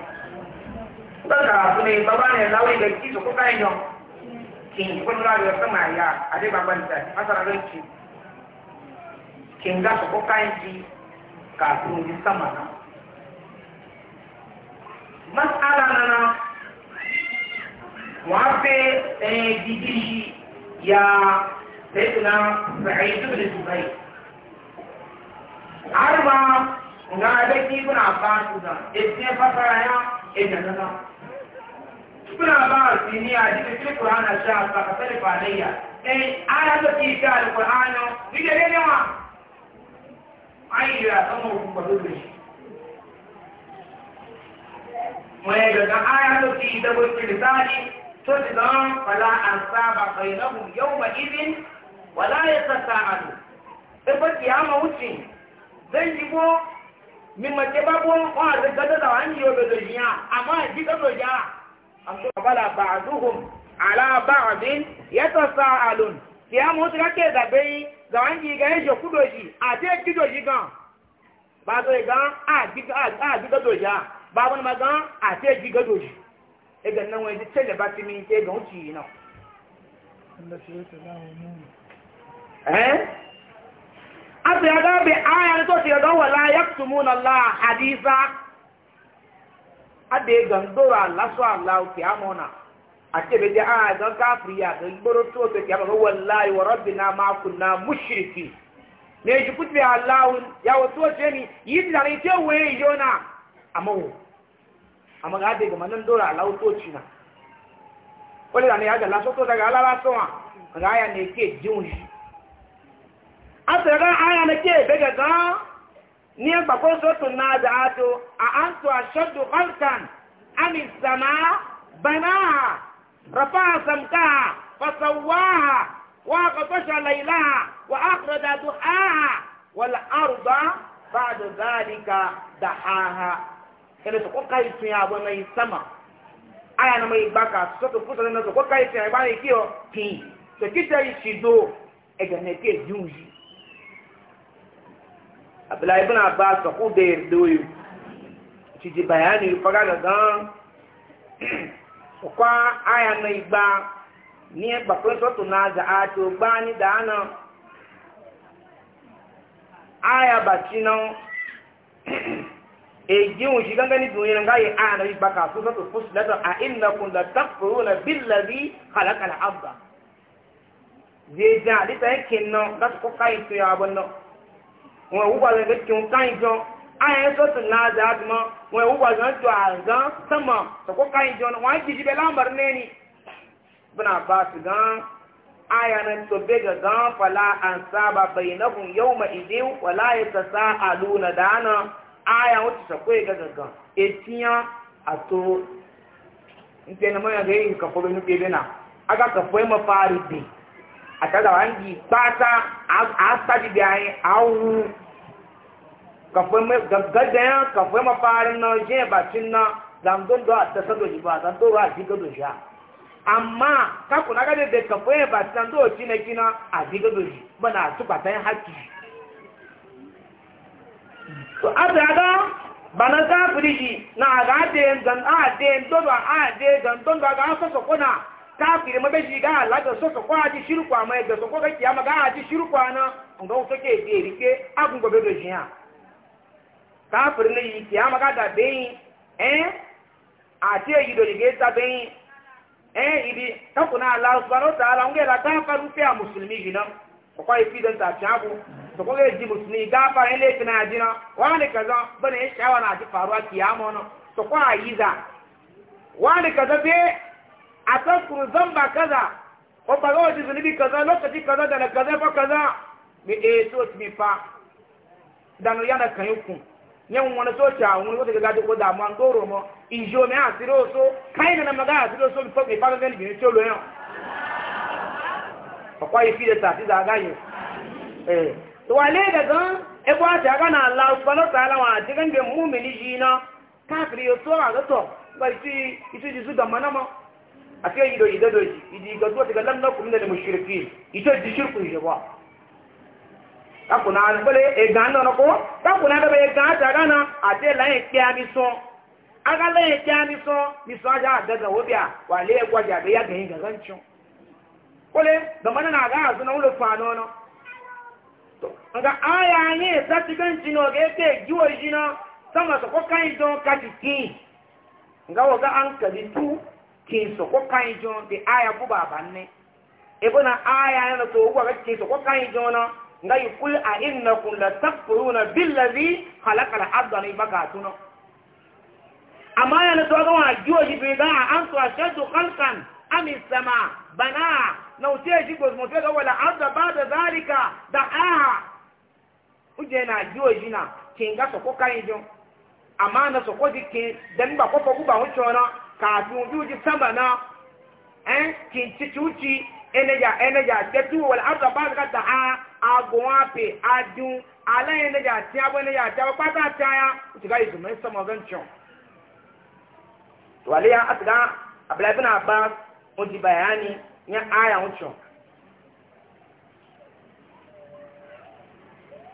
Speaker 1: daga su ne baba ya nana wa ya har ba nga da ki kuna ba su da ita fasara ya ita da na kuna ba su ni a cikin cikin Qur'an sha ka ka tare fa layya eh aya da ki ta Qur'an ni da ne wa ai ya kuma ku ba dole shi mai daga aya da ki da ku lisani to da fala ansaba bainahum yawma idhin wala yatasaalu ibati ama wuce zanji bo min mace ba ko wa da gada da wani yau da duniya amma ji ka doja an so bala ba'duhum ala ba'din yatasaalun ya mu ta ke da bai ga wani ga ya ku a te ki doji gan ba so ga a ji ga a ji ga doja ba wani magan a te ji ga doji e ga nan wani tele ba ti min ke ga wuci na eh abu ya gabe aya to ga don wala yaktumun Allah hadisa ade gan do Allah so Allah ti amona ake be je aya don kafiri ya don gboro to to ke ba wallahi wa rabbina ma kunna mushriki Allah ni yi da ne ce yona amma amma ga fasara aya na ke daga ga ni ba ko so na da ato a antu ashaddu khalqan am as-samaa banaha rafa'a samkaha fasawwaha wa qatasha laylaha wa akhraja duhaha wal arda ba'da dhalika dahaha kele to ko kai tun ya bo na sama aya na mai baka so to fusa na so ko kai tun ya ba ni kiyo ki to kita abdullahi ibn abbas ku da yardo yi ciji bayani faga ga gan kwa aya na igba ni e bakun to to na za a to gba ni da ana aya batino eji un shi gangani duniya ga yi aya na igba ka su to fuslata a innakum la takfuruna billazi khalaqa al-abda zai ja dita yake nan da su wọn wúgbàlẹ̀ ní kí n káyìn jọ ayẹyẹ tó sì náà wọn wúgbàlẹ̀ náà jọ àgán sẹ́mọ̀ sọ̀kọ́ káyìn jọ wọn jìjì bẹ́ẹ̀ lámbàrún lẹ́ni bá aya na to ga gan an saba bainahum yawma idin wala yatasaaluna dana aya wuce sakwai ga gangan etiyan ato nke na mọ́yàn kàfọ́ gaggaya ka fai mafarin na je bacin na zangon da ta sado shi ba zan doro a ji gado shi amma ka kuna gade da ka fai bacin na doro shi na kina a ji gado shi bana su batayin haƙƙi to ada ga bana ta firi shi na ga de zan a de doro a de zan don ga ga so kuna kafiri ma bai shiga Allah da so so kwa ji agun gobe do shi káfìrí ní yìí kì á máa dà bẹ́yìn ẹ́n àti èyí lòdì kì í ta bẹ́yìn ẹ́n ìdí tọkùnà aláwọ̀sùpárò tààrà ń gẹ̀rà káfàrú fẹ́ à mùsùlùmí yìí ta fi àbù sọ̀kọ́ yìí di mùsùlùmí gáfàrú ilé ìfìnà àjí náà wọ́n ní kẹzọ́ bẹ́ẹ̀ ní na náà àti fàrú kaza ó pàgọ́ òjì zunubi kaza kaza kaza nye wani soja wani wata gaga duk da amma mo ijo me a siro so kai na maga a so mi fa ga ni bi to ifi yan akwai da ga eh to wale gan e ba ga na Allah subhanahu wa ta'ala wa ti gan be mu'mini jina kafiri yo so ga to ba ti ji a na ito ji shirku takuna kpele ndị nɔnɔ ko takuna bɛ egan na a tɛ lɛn kpea mi sɔn a ka lɛn kpea mi sɔn mi aja daga o bia wa ale ye gwaja a bɛ na gɛyin gangan na a azuna fa nɔnɔ nka a y'a ye satigan na ji nɔ sama sɔkɔ kan ka tu na. ngai kul a innakum latakfuruna billazi khalaqal abda ni baka tuno amma yana to ga wa jiwo ji be ga an to ashadu khalqan am sama bana na utie ji go mo ga wala abda ba'da zalika da'a uje na jiwo ji na kinga so ko kai jo amma na so ko kin dan ba ko ko ku ba hu chona ka fi ji sama na eh kin ci ci uci eneja eneja tetu wala abda ba'da da'a agunwafe adun alayin na jati abu na jati abu kwata ta ya wuce ga izu mai sama zancen wale ya ebe na abulabin abbas wuce bayani ya aya wucin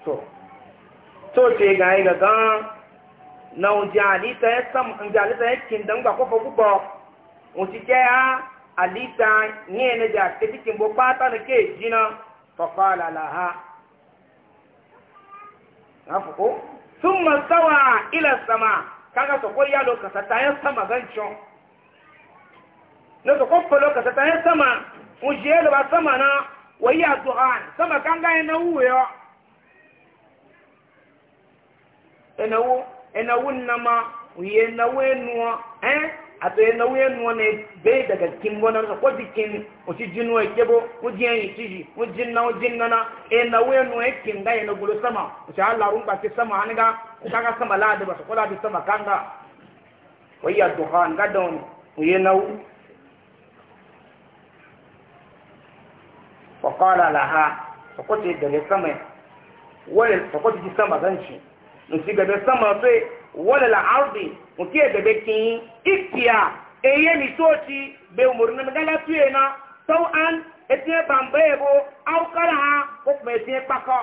Speaker 1: to to ce ga gaga na wuce alita ya sam wuce alita ya ya alita na na eji na. فقال لها نفقه ثم استوى إلى السماء kaga soko ya lo ka satayen sama zancin na soko fa lo ka satayen sama ujiye da ba sama na wayi a duhan sama kan ga na wuyo enawo enawun nama uye enawo enuwa eh a tsaye nauyin wani bai daga kin gonar sa ko jikin uci jinuwa kebo ujiyan yi ciji ujin na ujin na na e nauyin wani kin ga yana gulo sama uci Allah rumba ke sama an ga kaga sama ladi ba su kula da sama kanga wayya duhan ga da wani uye nau faƙala laha sakwace daga sama wani sakwace ji sama zan ci in ci gaba sama sai wala la ardi muke da bakin ikiya eye mi toci be umurna magala tuyena sau an etinye bambaye bo aukara ha ko kuma etinye kpakọ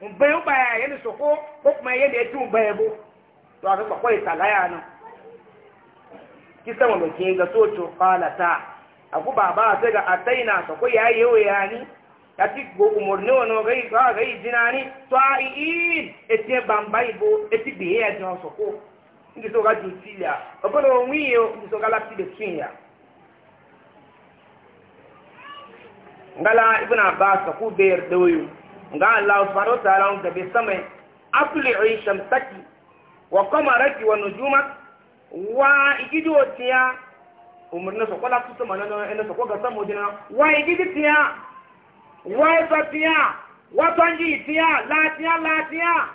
Speaker 1: mbe ubaya ye ni soko ko kuma ye ni eti mbaye bo to aka kpakọ italaya na kisa wa mace ga soco kala ta aku baba sai ga ataina soko ya yi yawo yani kati go umurni wano gai ba gai jinani ta'iin etie bambai bo eti biye ya jin so ndi so ga jutilia obono wiyo ndi so ga lati de tunya ngala ibn abbas ku ber doyu nga allah subhanahu wa ta'ala da be samai afli'i shamsaki wa qamaraki wa nujumak eh, wa igido tiya umurni so ko la manana ene ga wa igidi tiya wọ́n sọ ti hàn wọ́n sọ yìí ti hàn láti hàn láti hàn.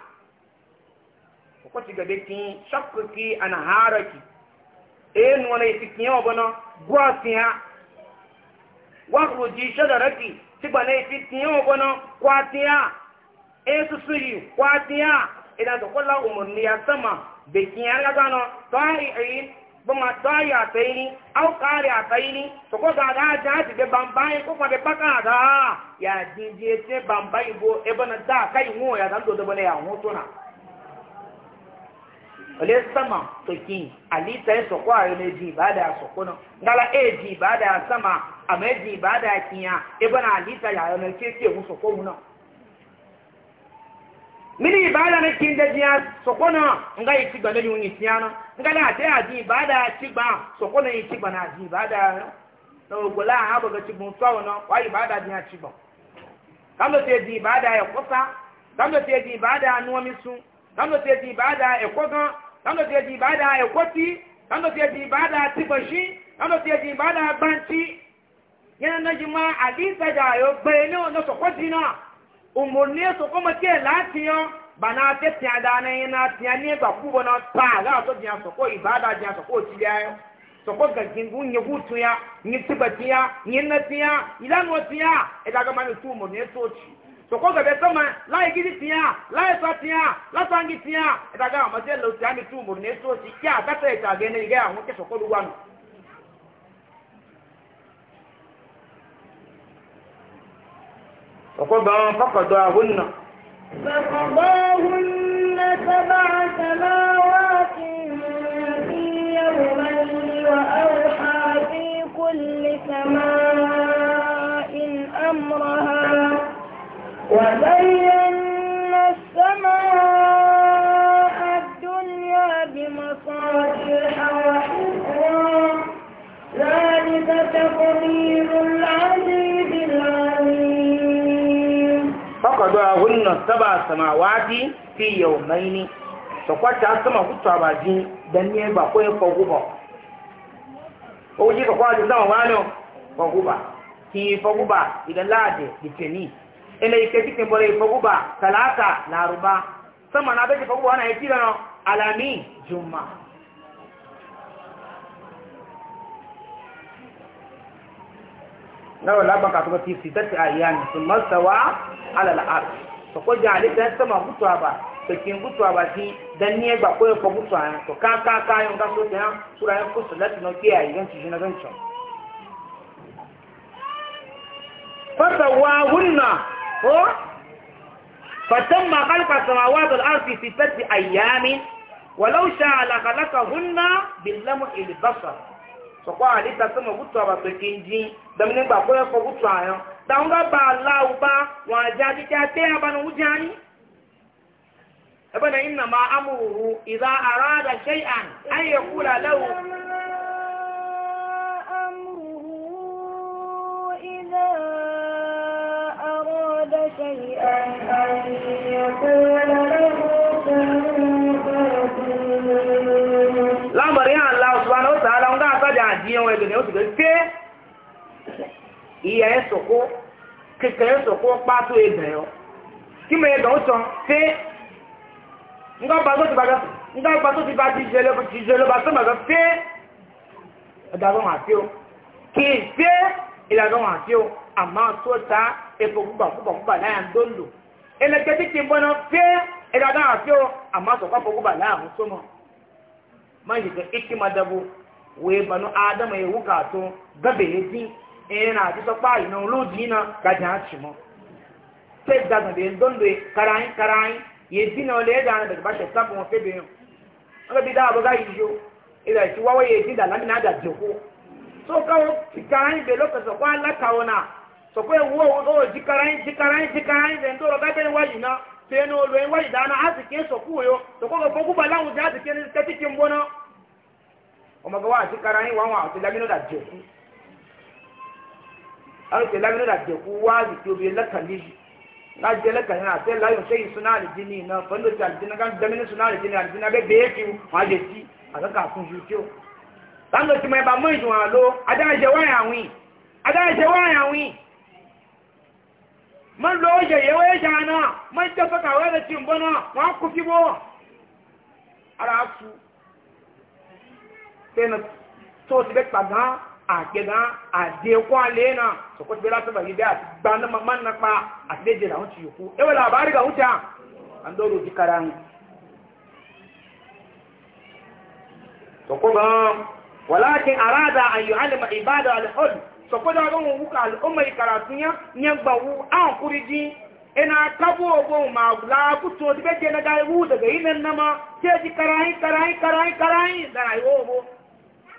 Speaker 1: Kókó ti gbẹ̀gbẹ̀ kí ṣọ́kù kí ànàhárọ̀ kì. Èénu ọ̀nà ìsì kì í ti hàn. Wọ́n kò jí ṣọ́dọ̀rọ̀ kì sígbà náà ìsì kì í ọ̀bọ̀nà kwá ti hàn. sama tuntun yìí kwá ti hàn. òmùnìyà sọ́mà bọ́mà dáyà àtẹ́yìní áùkárì àtẹ́yìní sọ̀kọ́ gàdá ajá ti dé bàmbá yìí kó fàdé pákà àdá yà dídí etí bàmbá yìí bó ẹbọ́ na dá àká yìí wọ́n yàtọ̀ na dọ́bọ́lẹ̀ yà wọ́n tó nà. ọ̀lẹ́ sàmà tòkì àlítà ẹ̀ sọ̀kọ́ àrẹ ní èjì ìbáàdà sọ̀kọ́ náà ngala èjì ìbáàdà sàmà àmọ́ na yà mini ibada na kin da jiya sokona nga yi tigba na yuni tiyana nga la ta aji ibada tigba sokona yi tigba na aji ibada na ogola ha ba ga tigbun so na wa ibada jiya tigba kan da ji ibada ya kosa kan da ji ibada nuwa misu kan da ji ibada ya koga kan da ji ibada ya koti kan da ji ibada tigba shi kan da ji ibada banci yana na jima hadisa da yo gbe ne na sokoti na umarni su kuma ke latiyan ba na ta tiya da na yi na tiya ne ba ku ba na ta za so jiya su ko ibada jiya su ko ci ya yau su ko gagin gun ya gutu ya ni tibati ya e ni na tiya ilan wa tiya idan ga mani su umarni so ci su ko gabe sama layi gidi tiya layi sa tiya lasangi tiya idan e ga mace lauti ya ni su umarni so ci kya ta ta ita gane ga ya muke su ko duwanu وقضى فقضاهن
Speaker 2: فقضاهن سبع سماوات في يومين وأوحى في كل سماء أمرها وزينا السماء الدنيا بمصابيح وحفظا ذلك تقدير
Speaker 1: فقضاهن سبع سماوات في يومين سقطت سما كتوا باجي دنيه با كوي فغوبا oji ka kwaji zama wano faguba ki faguba idan lade litini ina ike cikin bore faguba talata laruba sama na daji faguba wana ya kira no alami juma'a náà lábàkà tó bá ti fi tẹ́tẹ́ àyè àmì tó mọ́ sẹ́wà alàlà àrùn sọ̀kọ́ jẹ́ àlẹ́ tẹ́ sẹ́mà gútu àbà pèkín gútu àbà sí dání ẹgbà kó ẹ̀kọ́ gútu àyàn tó káàkáàká yóò ká tó tẹ̀yàn súra yẹn kó sọ̀lẹ́tì náà kí àyè yẹn ti ṣe náà fẹ́ǹtsọ̀. fọ́tà wà wúnà ó fọ́tàn máa kálífà sọ̀rọ̀ àwọn àtọ̀ àrùn fi tẹ́tẹ́ àyè àmì wàlọ́ọ̀ṣà àlàkàlàkà sọ̀kọ́ àdìta sọ́mọ̀ gútù àbàtò kìíjì dẹ̀mí nígbà kóyọ̀ fọ gútù àyàn dáhùn bá bá aláwọ̀ bá wọn àjẹ́ àdìjẹ́ àtẹ́ àbánu wújẹ́ àní. ẹgbẹ́ náà ìnà amúhùhù ìlà àràádà ṣẹ́yì àn ayé kúrò àlẹ́wò.
Speaker 2: إذا أراد شيئا أن يقول
Speaker 1: àjíyàn wọn ẹgbẹ̀rẹ̀ oṣù gbẹ̀rẹ̀ pé ìyá ẹ sọ̀kó kékeré sọ̀kó pátó ẹgbẹ̀rẹ̀ ọ kí mo ẹgbẹ̀rẹ̀ ó sàn pé ńgbàgbà tó ti bàgbà ńgbàgbà tó ti bá ti jẹ lọ́ba ti jẹ lọ́ba tó bàgbà pé ọ̀dàgbọ́n àti ó kì í pé ìlàgbọ́n àti ó àmọ́ tó ta epo púpà púpà púpà láyà ń dóńdò ẹlẹ́gẹ́ tí ti bọ́ná pé ìlàgbọ́n àti ó àmọ́ sọ̀kọ́ púpà láyà ń sọmọ má yìí kẹ́ ikí máa dẹ́gbó wee banu adama ya wuka atọ gabe ezi ee na atụtọ kpaali na ụlọji na gaji achị mọ pep dazan bee ndondo karanyi karanyi ya ezi na ole ega daga bashe sabu wọn febe yau ọga bi daa abụga yiyo ịda isi wawa ya ezi dala lami na aja joko so kawo karanyi bee lọka sọkwa alakawo na sọkwa ewu owo owo ji karanyi ji karanyi ji karanyi bee ndoro gabe ni wayi na fee na olu e na asị asike sọkwa uyo sọkwa ga gbogbo bala nwụzi asike ni kẹtịkị mgbọ na ọmọ bá wà sí kara yín wàhùn àwọn tẹlámínú dà jẹkú àwọn tẹlámínú dà jẹkú wáàzì tí obìnrin lẹkàlẹ yìí nga jẹ lẹkàlẹ náà àti ẹláyọ sẹyìn súná àlejò ní iná fẹlẹ ti àlejò náà ká dẹmínú súná àlejò ní àlejò náà bẹ bẹẹ fi wọn àlè sí àkàkà fún ju tí o. láńdọ̀ tí mo ẹ bá mú ìdùn àlọ́ adáyẹjẹ wáyà àwìn adáyẹjẹ wáyà àwìn mọ lọ ọyẹ yẹwọ ẹjà náà mọ ìjọba kàwé rẹ ti ń bọ náà wọn á kó fíwọ́ ara fún sai na so ti bɛ kpa gan a kɛ gan a den kɔ ale na so ko ti bɛ lati bagi bɛ a ti gba ne ma man na kpa a ti ti yoku e wala a b'a riga ti yan an dɔw di kara an so ko gan walakin arada an yi alima ibada alihol so ko da gan wu ka al'umma yi karatu nya nya gba wu an kuri di ina kabo ogbon ma la kuto ti bɛ jɛ na ga wu daga yi nan nama sai ji karayi karayi karayi karayi da rayuwa ogbon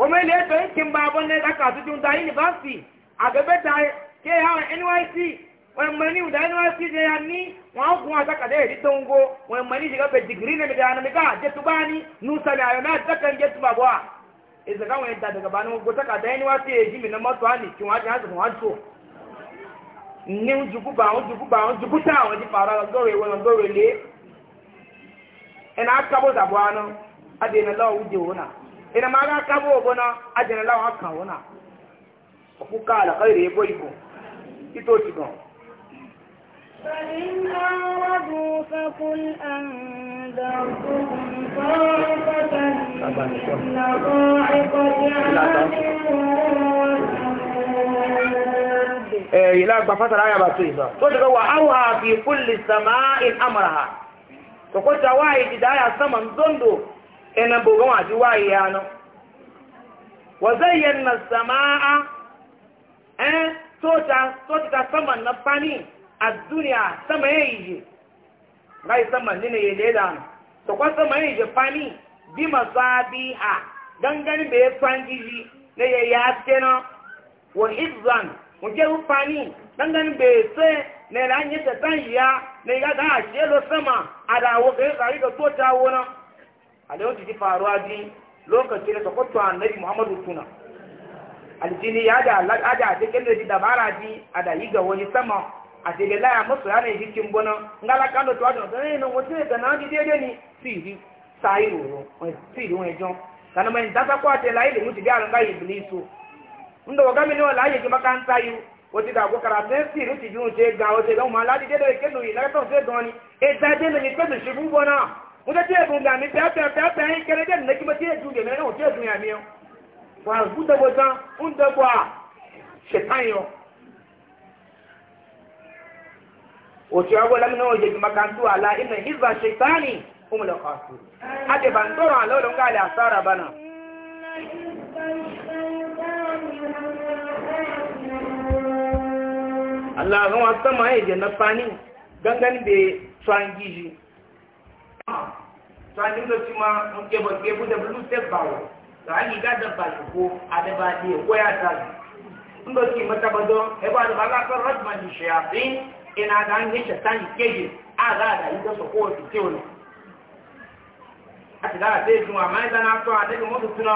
Speaker 1: wọ́n mẹ́lẹ̀ ètò ìkí ń bá abọ́ ní ẹ̀ka àtúntò ìdá yunifásitì àgbẹ̀bẹ̀ta ké àwọn nyc wọ́n mọ̀ ní ìdá yunifásitì ṣe ya ní wọ́n á gun àtàkàdé èdè tó ń go wọ́n mọ̀ ní ìṣègùn bẹ̀ dìgírí ní ìdá anamíkà àjẹtúbá ní nùsàlẹ̀ àyọ̀mẹ́ àtàkàn jẹtúbà bọ́ à ìṣègùn náà mọ́tò àní kí wọ́n ị na ka ka ma aga aka moo laokpụkala kebo ara a ị i ahị zụta ma nụo ndụ ina bugun waji waye yano wa zayyana samaa eh tota tota sama na fani a duniya sama yayi ngai sama ne da lela to kwa sama yayi fani bi masabiha dangane be ji na ya yatena wa hizan muje fani dangane be se ne la nyeta tan ya ne ga ga shelo sama da wo ga ga tota ta wona alaiwata ji faruwa ji lokacin da sakwato annabi muhammadu tuna aljini ya da al'ada a cikin da ji dabara ji a ga wani sama a cikin laya musu yana yi jikin gona ngalakan da tuwa da wasu ne nan wasu ne ga na ji siri sayi roro siri wani kana mai dasa kwa te layi da mutu iblisu inda wa gami ne wa layi ji makaranta yi wata siri ti ji wuce ga wata ga na sai e ta ne shi wọ́n tẹ́ ẹ̀dùn dàní pẹ́ẹ́pẹ́ẹ́pẹ́ yín kẹ́lẹ́dẹ́ nìyẹ́kí bá tẹ́ ẹ̀dùn dẹ̀mẹ́ náà tẹ́ ẹ̀dùn yà mí ọ́ wà á kú dẹ́gbọ́ tán ń dẹ́gbọ́ à ṣètàn yọ. òtún ọgbọ́ lámínà òye jùmọ̀ kan tó àlá iná ìzà ṣètàní òmùlẹ̀ kan tó. a ti bá ń tọrọ àlọ́ ló ń ká àlẹ́ àsára bánà. aláàrùn asọ́mọ́ ẹ̀jẹ̀ náà fani gángan bẹ́ẹ̀ tó à ń to an dinga cima mun ke ba ke buda blue step bawo to an yi ba ko e ko ya ta mun e ga ki mata bado e ba da bala kan rajma ni a ga da yi ko ti ce a ti da sai mai da na to a daga mutu tuna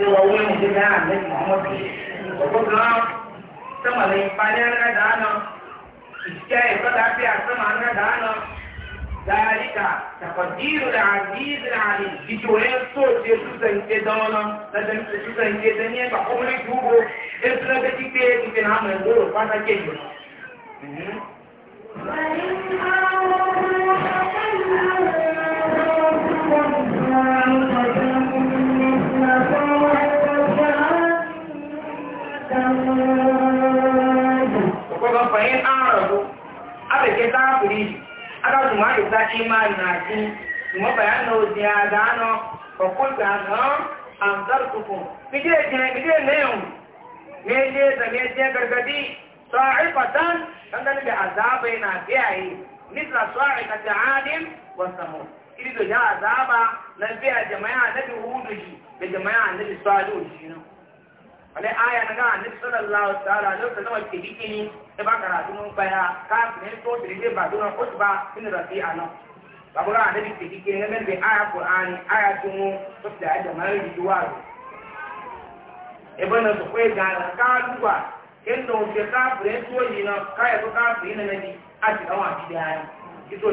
Speaker 1: Ewa wuli mu ti náà dáná. ذلك تقدير العزيز العليم بجوهر صوت يسوس انتدانا لازم يسوس انتدانيا بحمر جوبو إسلا بتكتير يمكن عمل الغور فانا كيف وإن أعوذ فإن أعرضوا أبكي تعبري ara tuma isa ima na ti mo bayan na o dia dano ko ko no an dar ku ko bide je bide ne yo me je da ne je gargadi sa'ifatan dan da azabai na biyayi misla ta adim wa samud ido ya azaba na biya jama'a bi hudu shi da jama'a bi salihu shi no ale aya na ga annabi sallallahu ta'ala alaihi wasallam ke dikini e ba karatu mun baya ka ne to dirje ba duna utba bin rabi'a no babura annabi ke dikini ne be aya aya to da mai duwa e bana to ga ka duwa ken no ke ka pre to yi na ka ya to ka pre ne ne di a ti bi da aya ki to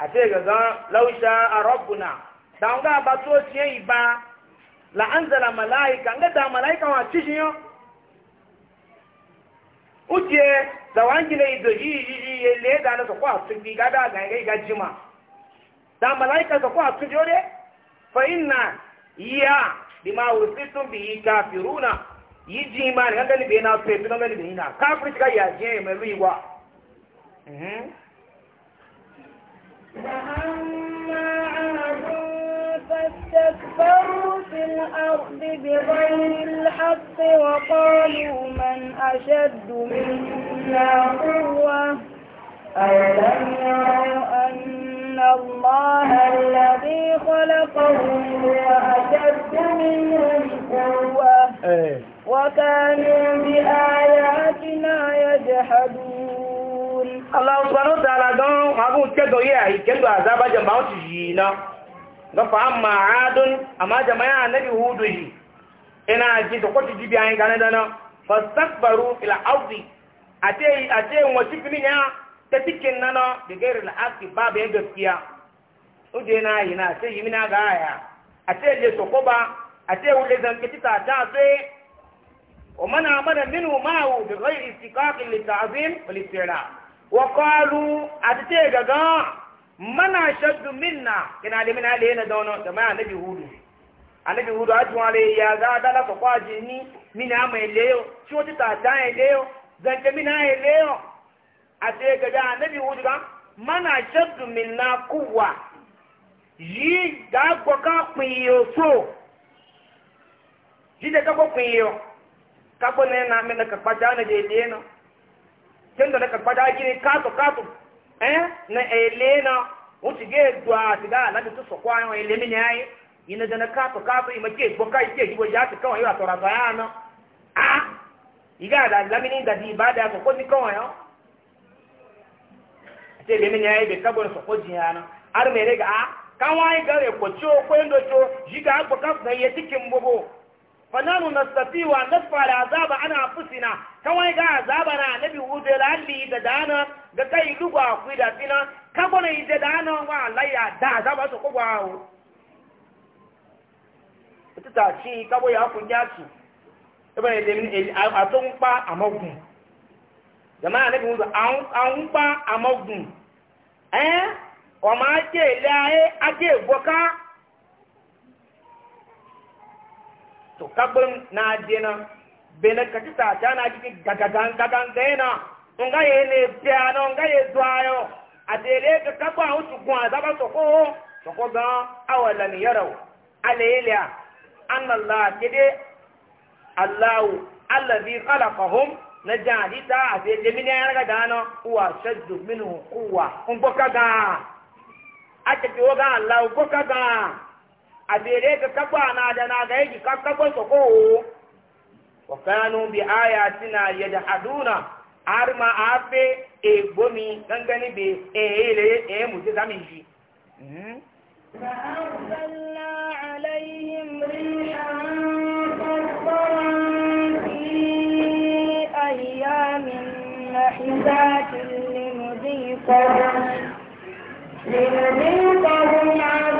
Speaker 1: ate gaga lausha rabbuna dan ga ba to tiye iba la anzala malaika nga da malaika wa tishiyo uje da wangi le ido yi yi yi le da na so kwa tundi ga da ga ga jima da malaika so kwa tundi ore fa inna ya bima usitum bi kafiruna yi jima ne ga ni be na so be na ga ni be na kafir ga ya je me luiwa mhm
Speaker 2: وأما عاد فاستكبروا في الأرض بغير الحق وقالوا من أشد منا قوة أولم يروا أن الله الذي خلقهم هو أشد منهم قوة إيه. وكانوا بآياتنا يجحدون Allah subhanahu wa
Speaker 1: ta'ala don abun kedo ya yi kedo azaba jama'u ji na ga fa amma adun amma jama'a annabi hudu ji ina ji to ko ji bi an gane dana fastakbaru fil ardi ate ate wa tikni ya nana da gairin al'aqi babu yan gaskiya uje na yi na sai yi mina ga aya ate je sokoba ate wule zan kitita ta منه معه بغير استقاق للتعظيم والاستعلاء وقالوا أتتي غغا من أشد ya na لمن علينا دون جماعة نبي هودو anabi hudu aju le ya za dala ko mini ama eleo chuo tita ta eleo zante mina a ate gaja anabi hudu ga mana shaddu minna kuwa yi ga ka so yi ka gbo ka gbo na ka na tun da na karɓa da gini kato kato eh na ele na wuce ge duwa ti ga alabi tu sokwa yawon ele mini yayi ina da na kato kato ima ke gboka ike jibo ya ti kawai yiwa tora zaya na a ah! iga da lamini da di ba da koko ni kawai yau ce ele mini yayi bai kabar soko jiya na har mai rega a ah, kan waye gare ko ciwo ko yin doco jiga agbo kasu da iya tikin bugu fananu nastati wa nasfa da azaba ana fusina kawai ga azaba na nabi wuce da alli da dana ga kai lugwa ku da fina ka gona ije dana wa laya da azaba su kogwa awo ita ta ci kabo ya kun ya su ibn ilimin a tun pa amagun jama'a nabi wuce an pa amagun eh wa ma ke laye ake gboka to kabin na dena bena kati ta ta na jiki gagagan gagan gaina nga ye ne piano nga ye dwayo adele ka kabo a utu kun azaba to ko to ko ga awala ni yarau alayla anna allah kide allah alladhi khalaqahum najahita ate lemini ayar ga dano huwa shaddu minhu quwwa un bokaga ate ti woga allah bokaga abere ka kaba na da na ga yi ka kaba so ko wa kanu bi ayatina yajhaduna har ma afe e gomi gangani be e ele e mu ji zami hmm? لنذيقهم لنذيقهم عذاب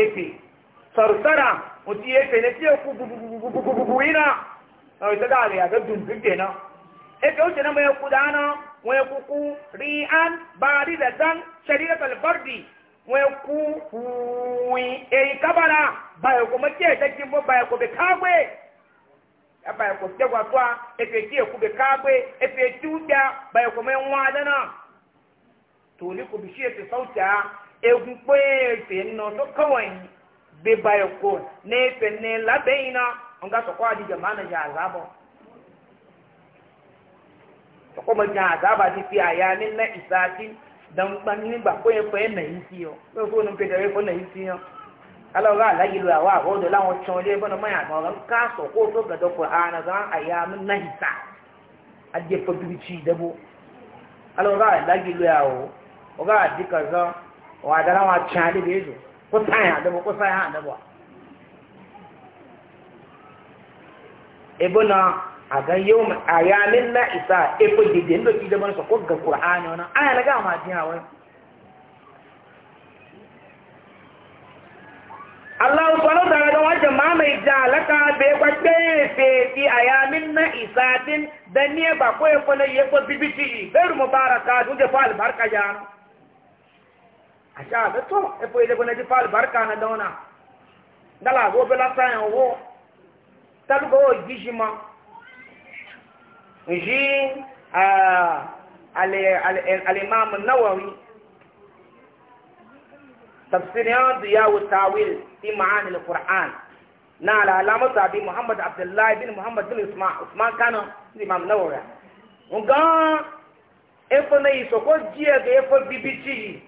Speaker 1: efe sarsara mutu efe na fiye ku gugugugugugugu ina na wata da ya ga dundun kenan efe wuce na mai kuda na wai kuku ri'an bari da zan shari'a talbardi wai ku huwi eyi kabara bai kuma ke mu ba bai kuma kagwe ba kuma ke gwatuwa efe ke kuma kagwe efe tuta bai kuma yin wadana tuli ku bishiyar ta sauta egun pé èfè nà tó kọ́wọ̀ yìí gbé báyọ̀ kó ní èfè ní lábẹ́ yìí náà wọn ká sọ̀kọ́ àdìjọ máa nà jẹ àzábọ̀ sọ̀kọ́ mọ̀ jẹ àzábà ti fi àyà nínú ìsáàtì dànkpa nígbà pé èfè nà yìí sí ọ pé fún un pété èfè nà yìí sí ọ aláwọ̀ aláyé lu àwọn àwọn ọ̀dọ̀ láwọn tí wọn lé bọ́n mọ́ yàtọ̀ ọ̀rọ̀ ká sọ̀kọ́ tó gàdọ̀ kọ̀ àná gan àyà nínú ìsá adìyẹ pọ̀ bíbí tì í dẹ́bọ̀ aláwọ̀ aláyé lu àwọn ọ̀gá àdìkà zan wa da rawa chali bezo ko ya da ko sai ha da ba ibuna aga yau ayanin na isa eko dide ndo ti da ban ko ga qur'ani ona aya na ga ma din Allah subhanahu wa ta'ala wajen ma mai jalaka be kwatte fe ti ayamin na isatin dan ba ko ko ne bibiti mubaraka a sha ga to e fo ile gona ji fal barka na dauna dala go bela sayan wo tal go gijima ji a ale ale ale imam nawawi tafsirin diyawu tawil fi ma'anil qur'an na al'alamu sabi muhammad abdullahi bin muhammad bin usman usman kano ni imam nawawi nga efo na isoko jiye ga efo bibiti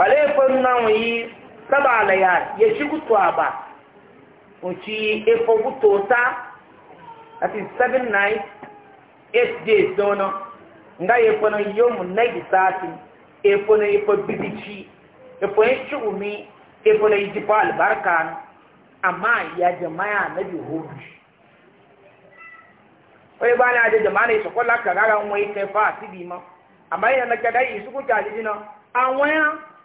Speaker 1: balefin nan yi saba na ya ya shi gutuwa ba uci efo gutota a ti nights 8 days dono nga efo e e e na yomu na gisati efo na efo bibici efo ya ci umi efo na yi fa albarka amma ya jama'a na biyu oye ba na aje jama'a na isokola kagara nwa ike fa asibi ma amma yana na kada yi suku kyaliji na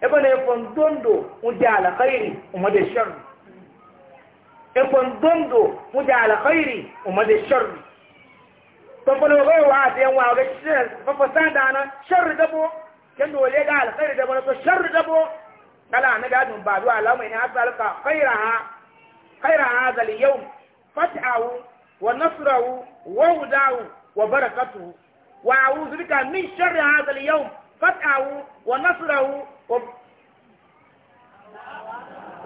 Speaker 1: ebe na efon dondo wuje alkhairi umma da sharri efon dondo wuje alkhairi umma da sharri to fa lo gai wa ta yan wa ga fa fa sada na sharri dabo kendo wale ga alkhairi dabo na to sharri dabo kala na ga dun ba duwa lamai ne asalka khairaha khaira hadha al-yawm fat'ahu wa nasrahu wa hudahu wa barakatuhu wa a'udhu bika min sharri hadha al-yawm fat'ahu wa nasrahu ko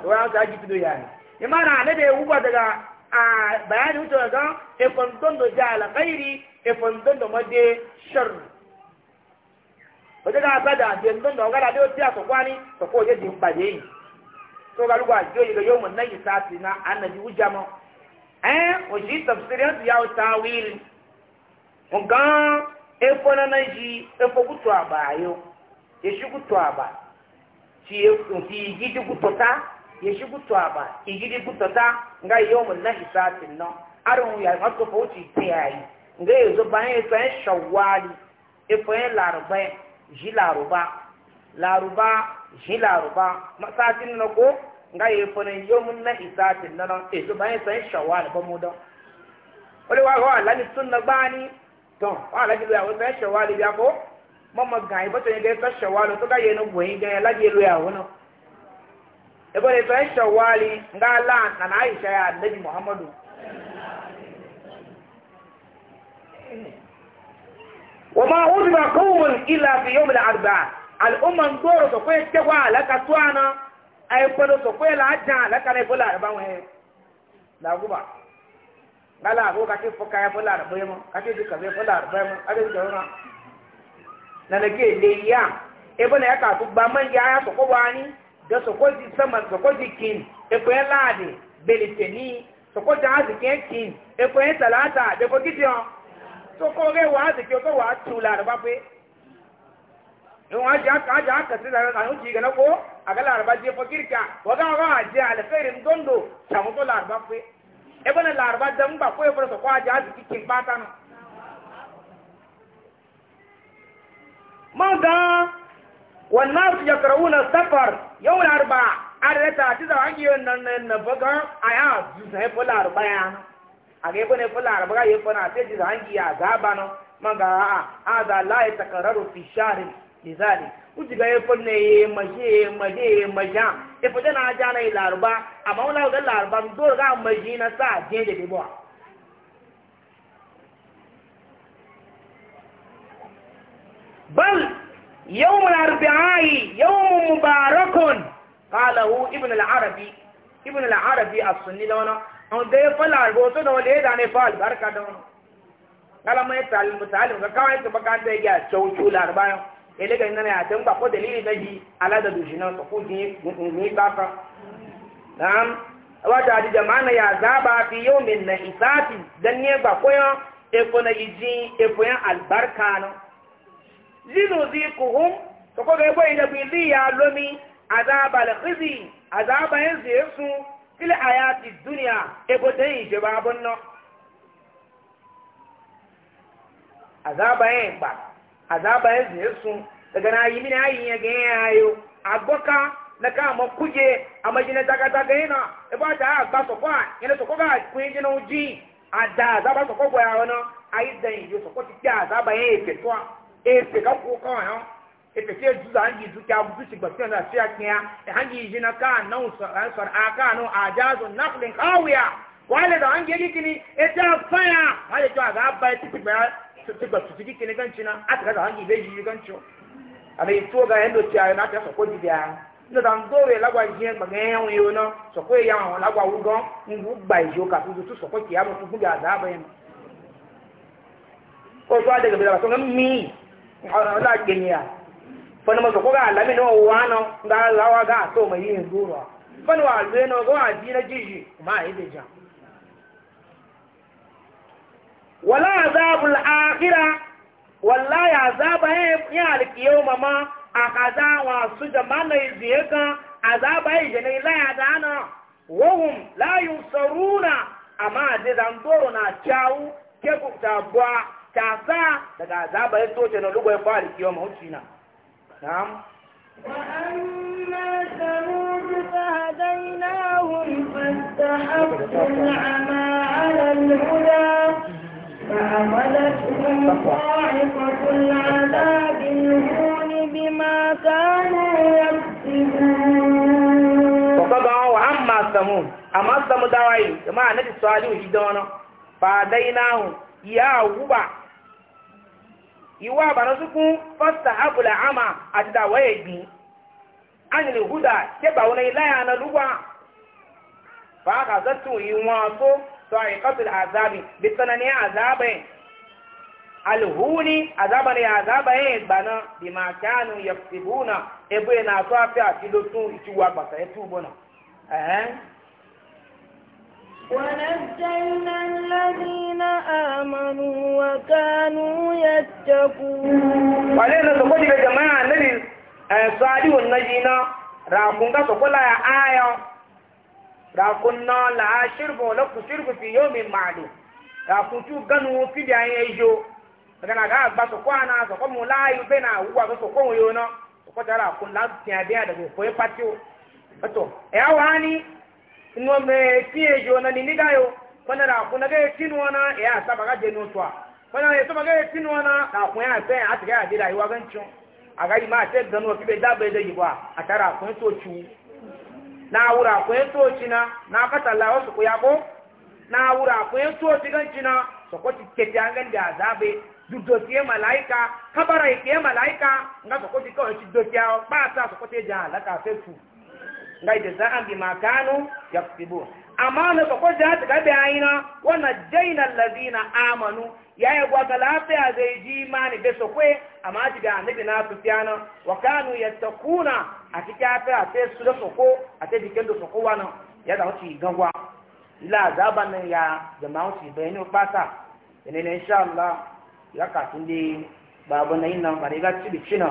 Speaker 1: wa ta ji tudo yani imana e anabe uba daga a bayani wuce ga efon don do ja ala ghairi efon don do made shar oje ga bada de don do ngara de o ti asokwani to ko je di mpaje yi to ga lugwa jo yi ga yomun nan yi sati na annabi wujama eh o ji tafsirin ya o tawil ngan efon nan ji efo kutu abayo yeshi kutu abayo ci yi gidi gutota ya shi gutuwa ba igidi gutota nga yau mun na hisatin nan arin ya mato fa wuce ta yayi nga yanzu bayan ya tsayin shawwali ifayin laruba ji laruba laruba ji laruba masatin na ko nga ya fana yau mun na hisatin nan yanzu bayan ya tsayin shawwali ba mu don wani wa ga wa lani sun na gbani don wa lani ya wani tsayin shawwali ya ko mama gan ibo to yin ga ta shawalo to ga yin go yin ga la je ya wono Ebe bo le to shawali nga la na na aisha ya nabi muhammadu wa ma udra qawmun illa fi yawm al-arba'a al-umma ndoro to kwe te wa la ka tuana ay ko do to kwe la ja la ka na bo la ba wen la guba ngala go ka ti foka ya bo la ba yemo ka ti ka be bo la ba yemo ade na na ke le ya ebe na ya ka ku gba man ya ya soko wani da soko ji sama soko ji kin e ko ladi beliteni soko ja ji kin kin e ko talata de ko gidio soko re wa ji ko wa tula da ba ji aka aja aka sai da na ji na ko aga laraba ji fakirka wa ga ga ji alkhairin gondo samu to laraba pe ebe na laraba dan ba ko aja fara soko ja kin ba ta na man ga wannan su ya karawu na safar yau larba a da ta ci zawa ki yau nan na baga a ya zuza ya fula arba ya a ga yabo ne fula arba ga ya fana sai ci zawa ki ya gaba nan man ga a a za la ya takararu fi sharin misali uji ga ya fana ya maje maje maja ya fita na ja na yi larba a wani ga larba dole ga maji na sa je da bibuwa بل يوم الأربعاء يوم مبارك قاله ابن العربي ابن العربي السني دونا أن ده فل أربعة دونا ليه دانة فل بركة دونا قال ما يتعلم متعلم كم يتبقى ده يا شو شو الأربعة ele ga nana ya دليل نجي على dalili da ji ala da dujina to ko ji ni ba ka nam wa da di jama'a ya zaba fi yawmin na isati linuziquhum sokoga egbe idagbe ndi ya lomi azaba alkhizi azaba enzi yesu fil ayati dunya ebo dan ijeba abun no azaba yin gba azaba yanzu yesu daga na ayi mini ayi ya ganye ayo agboka na ka mo kuje amajina daga daga yana ebo ta agba sokwa yana sokoga kun jina uji ada azaba sokogwa ya wono ayi dan ijo sokoti ti azaba yin efetwa Efe ka ko ko yo ete ke juza hangi zu ka bu shi gbatan e shi akiya hangi jina ka nan sar aka no ajazu naqlin qawiya wale da hangi yake ni ete faya hale to aga ba ti ti ba ti ba ti ki ne gancina aka da be yi ga ti na ta so ko di ya no so ko ya ngu gba ka tu so ọlá gbẹ̀yìn à fọnùmọ̀sọ̀ kó gà lámì náà wà nọ gà láwà gà tó mọ̀ yìí na gbòòrò à fọnù náà kó gà jí jíjì máa yìí dè jàn. wàlá àzáàbù àkírà wàlá àzáàbà yẹn àlìkìyẹ́ mọ̀mọ́ àkàzá àwọn àsújà máa nà ìzìyẹ́ kan àzáàbà ìjẹ̀nẹ́ iláyà dáná wọ́hùn láyùn sọ̀rúnà àmà àdéhà ń dòrò nà bọ́à tasa daga azaba ya toce na lugu ya fara kiyo mahuci na na'am
Speaker 2: وأما ثمود فهديناهم فاستحبوا العمى على الهدى فأخذتهم صاعقة العذاب الهون بما كانوا يكسبون
Speaker 1: وطبعا وأما ثمود أما ثمود دواعي كما نجد سؤالي وجدونه فهديناهم يا وبا ìwà àbànásúkún fọ́sítà ábùlà àmà àti dàwọ́ ẹ̀gbìn ányìlì húdà ṣẹ́gbàwọn iláyà àna lúwà fàákà sẹ́tùn ìwọ̀n tó sọ ìkọ́tùlù àzábì bí sanani àzábẹ̀ alhuni azabar ya azaba yin gbana bi ma kyanu ya fi buna ebe na so afi filo tun ituwa gbasa ya tubuna
Speaker 2: ونجينا الذين
Speaker 1: آمنوا
Speaker 2: وكانوا يتقون وليس تقول يا جماعة
Speaker 1: الذي صالح النجينا راكم تقول يا آية راكنا لا شرب ولا شرب في يوم معلوم راكم شو غنو في جايجو gana ga ba so kwa na so ko mu lai be na wa so ko yo no ko tara kun la tiya be da ko e patio to e awani nwa me tiye jo na nini gayo kwana da kuna ga na ya saba ga denu kwana ya saba ga tinwa na da kun ya sai a tiga da rayuwa a ga ima te danu ki be dabe da yiwa a tara kun to ci na wura kun to ci na na kata la wasu ku yabo na wura kun to ci ganci na so ko ti ke an malaika kabara ke malaika nga so ko ti ko ti do ti a pa ta so ko ja la ka fe ngai jaza'an bima kanu yaktibu amma na ko da ta gabe ayina wa najjayna allazina amanu yayi gwaga lafiya zai ji mani be so kwe amma ji ga annabi na sufyana wa kanu yattakuna a cikin afiya sai su da soko a ta jikin da soko wannan ya da wuce gangwa ila azaban nan ya jama'u ci bayani fata ne ne insha Allah ya ka tunde babu nan nan bare ga ci bicina